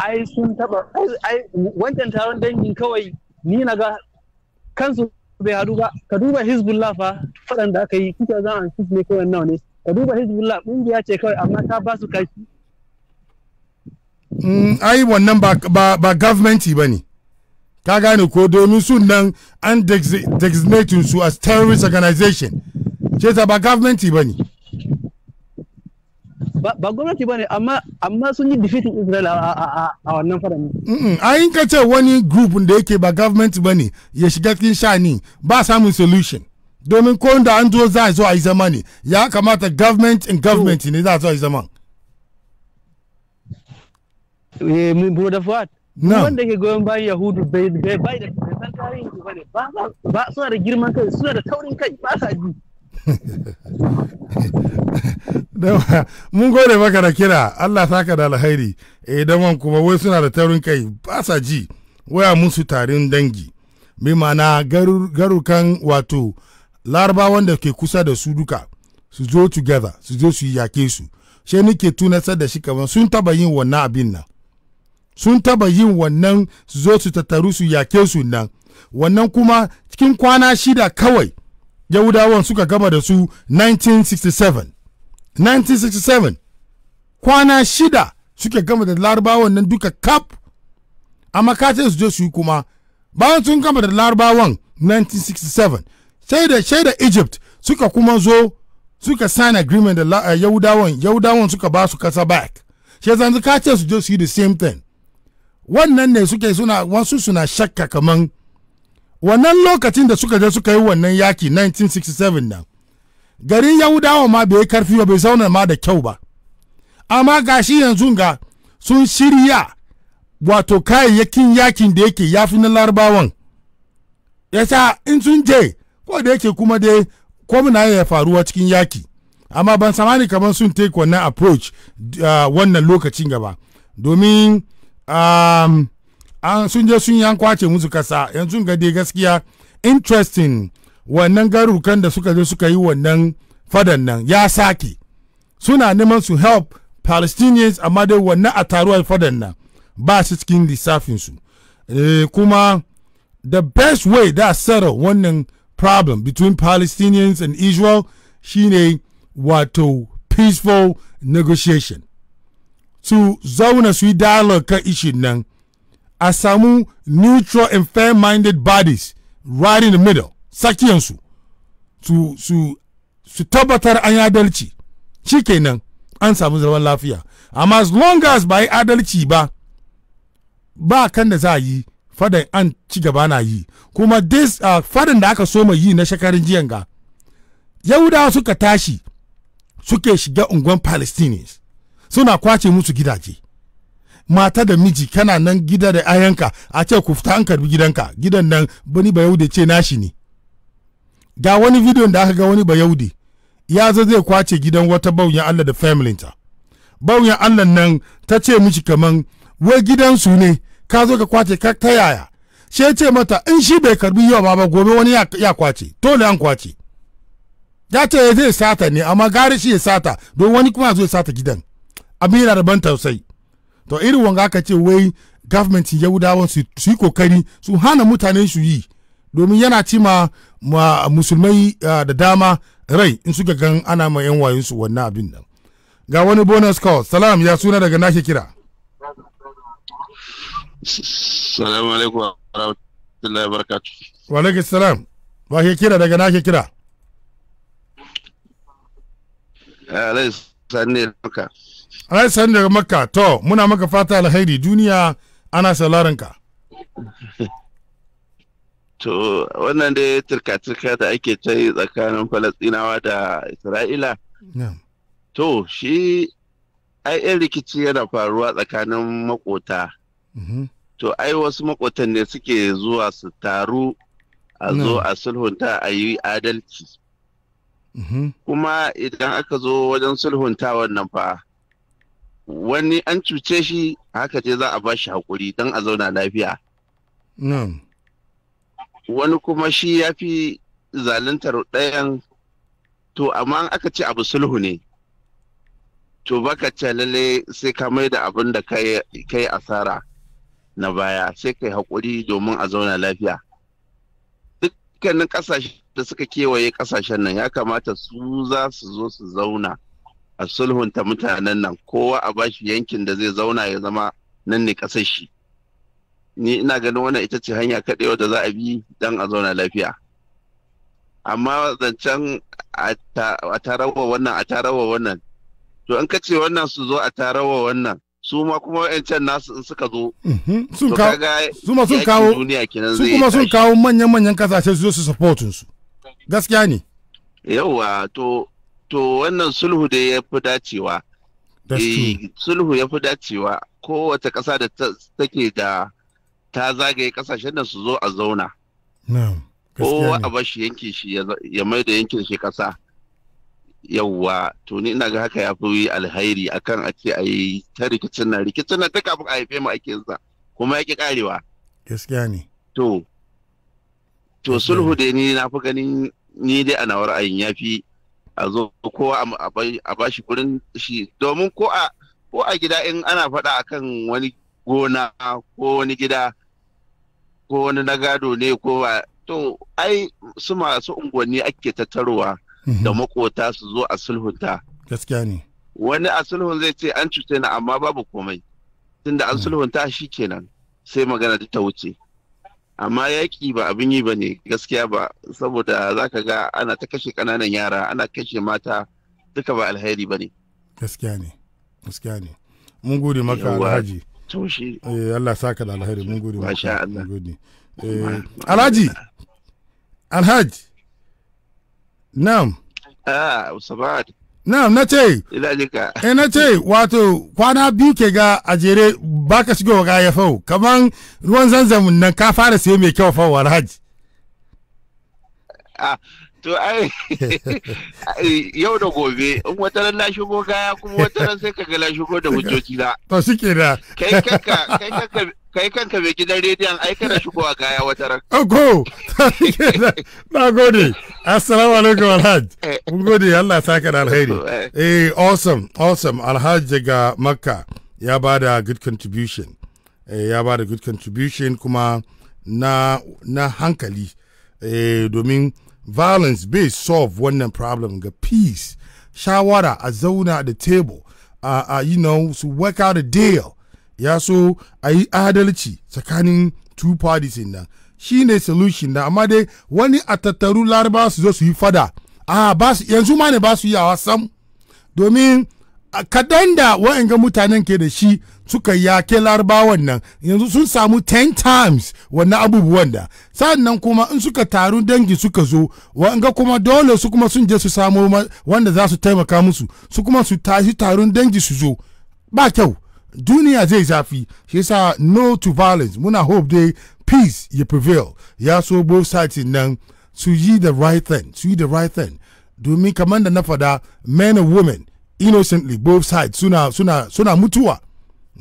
ai sun taba ai wancan taron dangin kawai ni na ga kansu bai hadu ba ka duba hizbullah fa faɗan da aka yi kuka za a ne kawai nawa ne ka duba hizbullah ƙungiya ce kawai amma ta ba su kashi Mm, ai wannan ba gwamnati ba ne ka gane ko domin su nan an designate su as terrorist organization ce ta ba gwamnati ba ne ba gwamnati ba ne amma sun yi defeat israel a wannan faran a yin ka ce wani group da yake ba gwamnati ba ne ya shiga cikin shani ba samun solution domin ko da an zo za a zo a yi zama ne ya kamata government in government ne za a zo a yi zama buru eh, da fuad wanda ke goyon bayan yahudu bai da san tarihin ba ne ba suna da girman kai suna da taurin kai ba sa ji mun gode maka da kira Allah ka da alhairi idan eh, wan kuma wai suna da taurin kai ba sa ji waya musu tarin dangi bi mana garukan wato laraba wanda ke kusa da su duka su zo together su zo su yake su shi nike tunasar da shi kamar sun taba yin wannan abin nan sun taba yin wannan su zo su tattaru su yake su nan wannan kuma cikin kwana shida kawai yahudawan suka gama da su 1967 1967 kwana shida suke gama da larabawan nan duka kap amma ka su je su yi kuma bayan sun gama da larabawan 1967 sai da shaida egypt suka kuma zo suka sign agreement da eh, yahudawan yahudawan suka ba su kasa back shi yanzu su je su yi the same thing wannan ne suke suna wasu suna shakka kaman wannan lokacin da suka je suka yi wannan yaki 1967 nan garin yahudawa ma bai karfi ba bai zauna ma da kyau ba amma gashi yanzu ga sun shirya wato kayayyakin yakin da yake fi na larabawan sa in sun je ko da yake kuma dai kwamna ya faruwa cikin yaki amma ban samani kamar sun take wannan approach uh, wannan lokacin gaba domin Um, an sun je sun yan kwace musu kasa yanzu ga dai gaskiya interesting wannan garukan da suka je suka yi wannan fadan nan ya sake suna neman su help palestinians amma dai wannan a taruwar fadan nan ba su cikin lissafinsu eh, kuma the best way da settle wannan problem between palestinians and israel shine wato peaceful negotiation su zauna su yi dialogue kan ishin nan a samu neutral and fair-minded bodies right in the middle tsakiyansu su su su tabbatar an yi adalci shi kenan an samu zaman lafiya amma as long as ba yi adalci ba ba kan da za a yi fadan an ci gaba na yi kuma this uh, fadan da aka so soma yi na shekarun jiyan ga yahudawa suka tashi suke shiga unguwan palestinians suna kwace musu gidaje mata da miji kana nan gida da ayanka a ce ku fita an karbi gidanka gidan nan wani bayaude ce nashi ne ga wani bidiyon da aka ga wani bayaude ya zo zai kwace gidan wata bauyan Allah da ta bauyan Allah nan ta ce miji kaman wai gidan su ne ka zo ka kwace ka ta yaya shi ce mata in shi bai karbi yau ba ba gobe wani ya kwace dole an kwace ya ce eh, zai sata ne amma gari shi ya sata don wani kuma zai sata gidan abin yana da ban tausayi to irin wanga aka ce wai government yahudawan su yi kokari su hana mutane su yi domin yana ci ma musulmai da dama rai in suka gan ana ma yan su wannan abin nan ga wani bonus call salam ya suna daga nake kira salamu alaikum wa rahmatullahi barakatu wa alaikum salam ba ke kira daga nake kira alaikum sani ne Alhaji Sani daga Makka, to muna maka fata alkhairi duniya ana sauraron ka. To wannan dai turka-turka da ake ta yi tsakanin Falasɗinawa da Isra'ila. To shi ai yan rikici yana faruwa tsakanin makota. Mm-hmm. To ai wasu makotan ne suke zuwa su taru a zo a sulhunta a yi adalci. Mm-hmm. Kuma idan aka zo wajen sulhunta wannan fa. wani an cuce shi haka ce za a ba shi haƙuri don a zauna lafiya. Wani kuma shi ya fi zaluntar ɗayan to amma aka ce abu sulhu ne. To baka ce lalle sai ka mai da abin da ka yi asara na baya sai ka yi haƙuri domin a zauna lafiya. Dukkanin ƙasashe da suka kewaye ƙasashen nan ya kamata su za su zo su zauna. a sulhunta mutanen nan kowa a bashi yankin da zai zauna ya zama nan ne kasar shi ni ina ganin wannan ita ce hanya kaɗai da za a bi don a zauna lafiya amma zancen a tarawa wannan a tarawa wannan to an kace wannan su zo a tarawa wannan su ma kuma wa'ancan nasu in suka zo mhm. sun kawo su ma sun kawo su kuma sun kawo manyan manyan kasashe su zo su support su gaskiya ne yauwa to to wannan sulhu da ya fi dacewa eh, sulhu ya fi dacewa kowace ƙasa da take da ta zagaye ƙasashen da su zo a zauna kowa a bashi yankin shi ya mai da yankin shi ƙasa yawwa to ni ina ga haka ya fi alhairi akan a ce a yi ta rikicin nan rikicin nan ta a haife mu ake sa kuma yake karewa gaskiya ne to to sulhu da ni na fi ganin ni dai a nawar ayin ya fi a zo kowa a bashi kurin shi domin ko a ko a gida in ana faɗa akan wani gona ko wani gida ko wani na gado ne ko ba to ai su masu unguwanni ake tattarowa mhm. da makota su zo a sulhunta gaskiya ne wani a sulhun zai ce an cuce na amma babu komai tunda an mhm. sulhunta shi kenan sai magana ta wuce amma yaƙi ba abin yi ba ne gaskiya ba saboda za ka ga ana ta kashe ƙananan yara ana kashe mata duka ba alheri ba ne gaskiya ne gaskiya ne mun gode maka alhaji eh Allah ka da alheri mun gode maka mun gode eh alhaji alhaji na'am ah na na ce eh na ce wato kwana biyu ke ga a jere ba ka shigo ga ya fau kaman ruwan zanzam nan ka fara sai mai kyau fau warhaj ah, to ai yau da gobe in wata ran na shigo kaya kuma wata ran sai ka ga la shigo da hujjoji la. to shike da kai kanka kai kanka kai kanka mai gidan rediyon ai kana shigowa kaya wata ran. Ago! Oh, na gode. Assalamu alaikum Alhaj. Mun gode Allah sa ka da alheri. Eh awesome, awesome. Alhaj daga Makka ya ba da good contribution. Eh, ya ba da good contribution kuma na, na hankali eh, domin violence bai solve wannan problem ga peace shawara a zauna da table uh, uh, you know su so work out a deal ya so a yi adalci tsakanin two parties nan shi ne solution na amma dai wani a tattaru laraba su zo su yi fada a yanzu ma ne ba su yi a sam domin kadan da ga mutanen ke da shi suka yake larabawan nan yanzu sun samu 10 times wannan abubuwan da sannan kuma in suka taru dangi suka zo ka kuma dole su kuma sun je su samu wanda za su taimaka musu su kuma su tashi tarun dangi su zo ba kyau duniya zai zafi shi yasa no to violence muna hope dey peace ya prevail ya so both sides nan to yi the right thing to yi the right thing domin kamar da na fada men and women innocently both sides suna suna suna mutuwa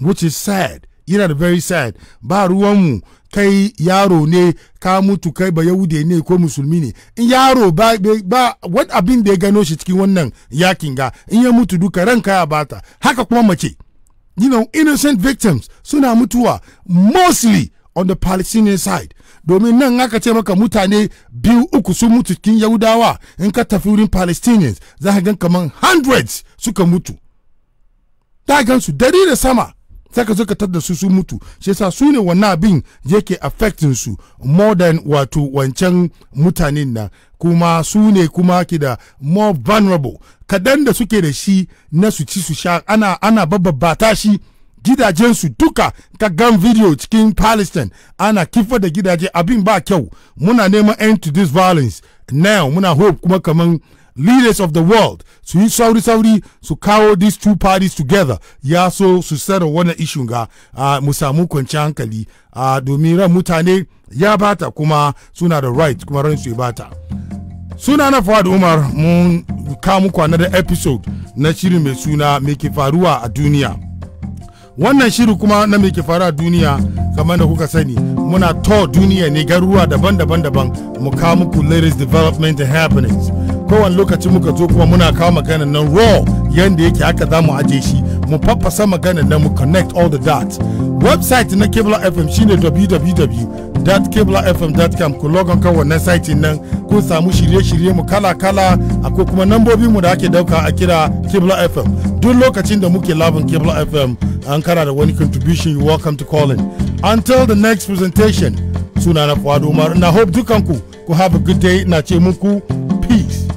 which is sad yana da very sad ba ruwanmu kai yaro ne ka mutu kai ba yahude ne ko musulmi ne in yaro ba ba wani abin da ya gano shi cikin wannan yakin ga in ya mutu duka ranka ya bata haka kuma mace you know, innocent victims suna mutuwa mostly on the Palestinian side. Domin nan aka ce maka mutane biyu uku sun mutu cikin Yahudawa in ka tafi wurin Palestinians za ka gan kamar hundreds suka mutu. Ta gan su dari da sama. sai ka zo ka tadda su su mutu shi yasa su ne wannan abin yake affecting su more than wato wancan mutanen nan kuma su ne kuma ke da more vulnerable kadan da suke da shi na su ci su sha ana ana babbata shi gidajensu duka ka gan video cikin palestine ana kifa da gidaje abin ba kyau muna neman end to this violence now muna hope kuma kaman leaders of the world su yi sauri-sauri su kawo these two parties together ya so su sanar wannan ishin ga ah, mu samu kwanci hankali ah, domin ran mutane ya bata kuma suna da right kuma ran su ya bata suna na fawad umar mun kamu kwana da episode na shirin mai suna mai ke faruwa a duniya wannan shiri kuma na mai ke faruwa a duniya kamar da kuka sani muna to duniya ne garuruwa daban-daban daban mu kawo muku latest development and happenings kowane lokaci muka zo kuma muna kawo maganar nan raw yanda yake haka za mu aje shi mu faffasa maganar nan mu connect all the dots website na kebla fm shine www.kablafm.com ku logon kan wannan site nan kun samu shirye-shirye mu kala-kala akwai kuma nambobin mu da ake dauka a kira kebla fm duk lokacin da muke labin kebla fm an kara da wani contribution you welcome to calling until the next presentation suna na Umar. mara na hope dukanku ku have a good day. Na ce muku peace.